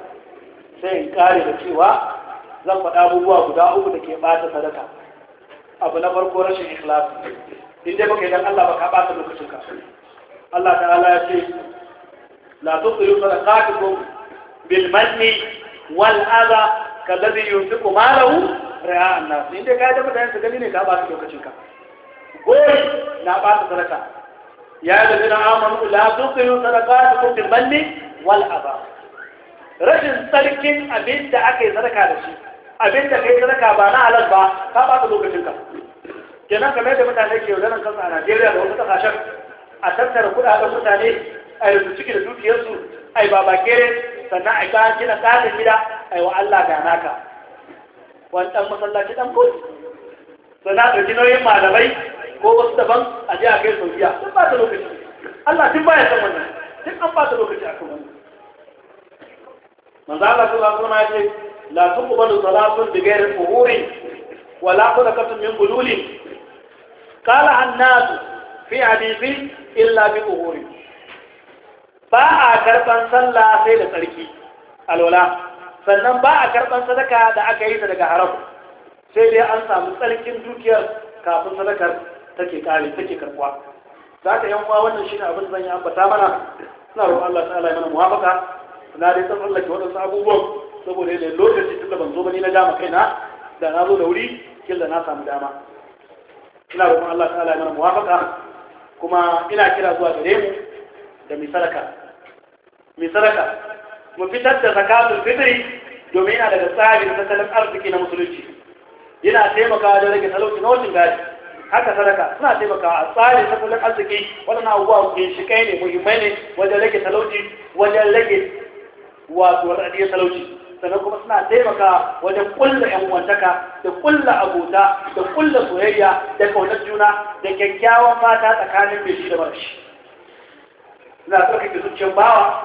sai in kare da cewa zan faɗa abubuwa guda uku da ke ɓata sadaka abu na farko rashin ikhlasi in dai baka yi dan Allah ba ka ɓata lokacinka Allah ta'ala ya ce la tuqilu sadaqatukum bil manni wal adha kallazi yunfiqu malahu ra'a an-nas in dai ka da mutane su gani ne ka ba su ɓata lokacinka gori na bata sadaka ya da zina amanu la tuqiru sadaqatukum bil manni wal adha rashin sarkin abin da aka yi sadaka da shi abin da yi sadaka ba na halar ba ka ɓata lokacinka kenan kamar da mutane ke yaudaran kansu a Najeriya da wasu kasashen a tattara kudaden mutane a yanzu ciki da dukiyarsu a yi babakere sannan a kawo gina ƙarin gida a yi wa Allah ga naka wani ɗan masallaci ɗan kotu sannan a ɗauki nauyin malamai ko wasu daban a je a kai sau biya sun ba ta lokaci Allah duk baya san wannan duk an ba ta lokaci akan wannan manzo Allah sallallahu alaihi wasallam ya ce la tuqbalu salatun bi ghairi tuhuri wa la sadaqatun min bululin qala an-nas fi hadithi illa bi tuhuri ba a karban sallah sai da tsarki alwala sannan ba a karban sadaka da aka yi daga haram sai dai an samu tsarkin dukiyar kafin sadakar take kare take karkuwa za ka yan wannan shi ne abin zan yi ambata mana suna roƙon Allah ta'ala ya mana muhabbaka na dai san Allah ke waɗansu abubuwan saboda yadda lokaci tunda ban zo ba ni na dama kaina da na zo da wuri da na samu dama ina roƙon Allah ta'ala ya mana muhabbaka kuma ina kira zuwa gare mu da misalaka misalaka mu fitar da zakatul fitri domin yana daga tsarin tattalin arziki na musulunci yana taimakawa da rage talauci na wajen gari. haka sadaka suna taimakawa a tsarin tattalin arziki waɗannan abubuwa ginshiƙai ne muhimmai ne wajen rage talauci wajen rage wato radiyar talauci sannan kuma suna taimakawa wajen kulla yan uwantaka da kulla abota da kulla soyayya da kaunar juna da kyakkyawan fata tsakanin mai shi da shi suna tsarkake zuciyar bawa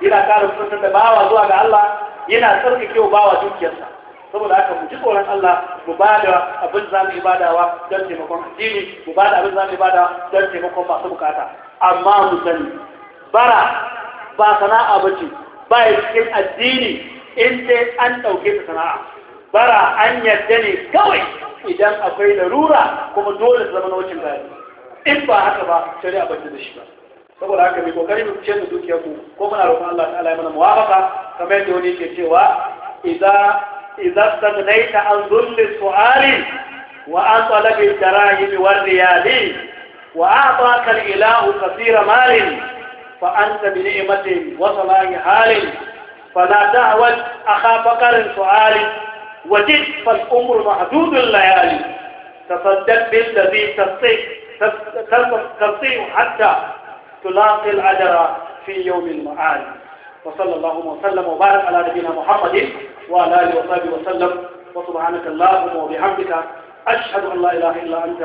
yana ƙara kusantar da bawa zuwa ga Allah yana tsarkake wa bawa dukiyarsa saboda aka mu ji tsoron Allah mu ba da abin za mu ibadawa don taimakon addini mu ba da abin za mu ibada don taimakon masu bukata amma mu sani bara ba sana'a ba ce ba ya cikin addini in dai an ɗauke ta sana'a bara an yarda ne kawai idan akwai larura kuma dole su zama na wucin gari in ba haka ba shari'a ba da shi ba saboda haka mai kokari mu ce mu dukiyarku, ku ko muna roƙon Allah ta'ala ya mana muwafaka kamar yadda wani ke cewa idza إذا استغنيت عن ظل السؤال وعن طلب الدراهم والريال وأعطاك الإله كثير مال فأنت بنعمة وصلاح حال فلا تعود أخا فقر سؤال وجد فالأمر محدود الليالي تصدق بالذي تستطيع حتى تلاقي الأجر في يوم المعاد وصلى الله وسلم وبارك على نبينا محمد وعلى اله وصحبه وسلم وسبحانك اللهم وبحمدك اشهد ان لا اله الا انت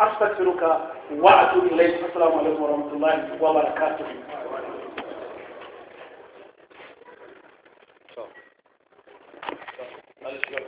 استغفرك واتوب اليك السلام عليكم ورحمه الله وبركاته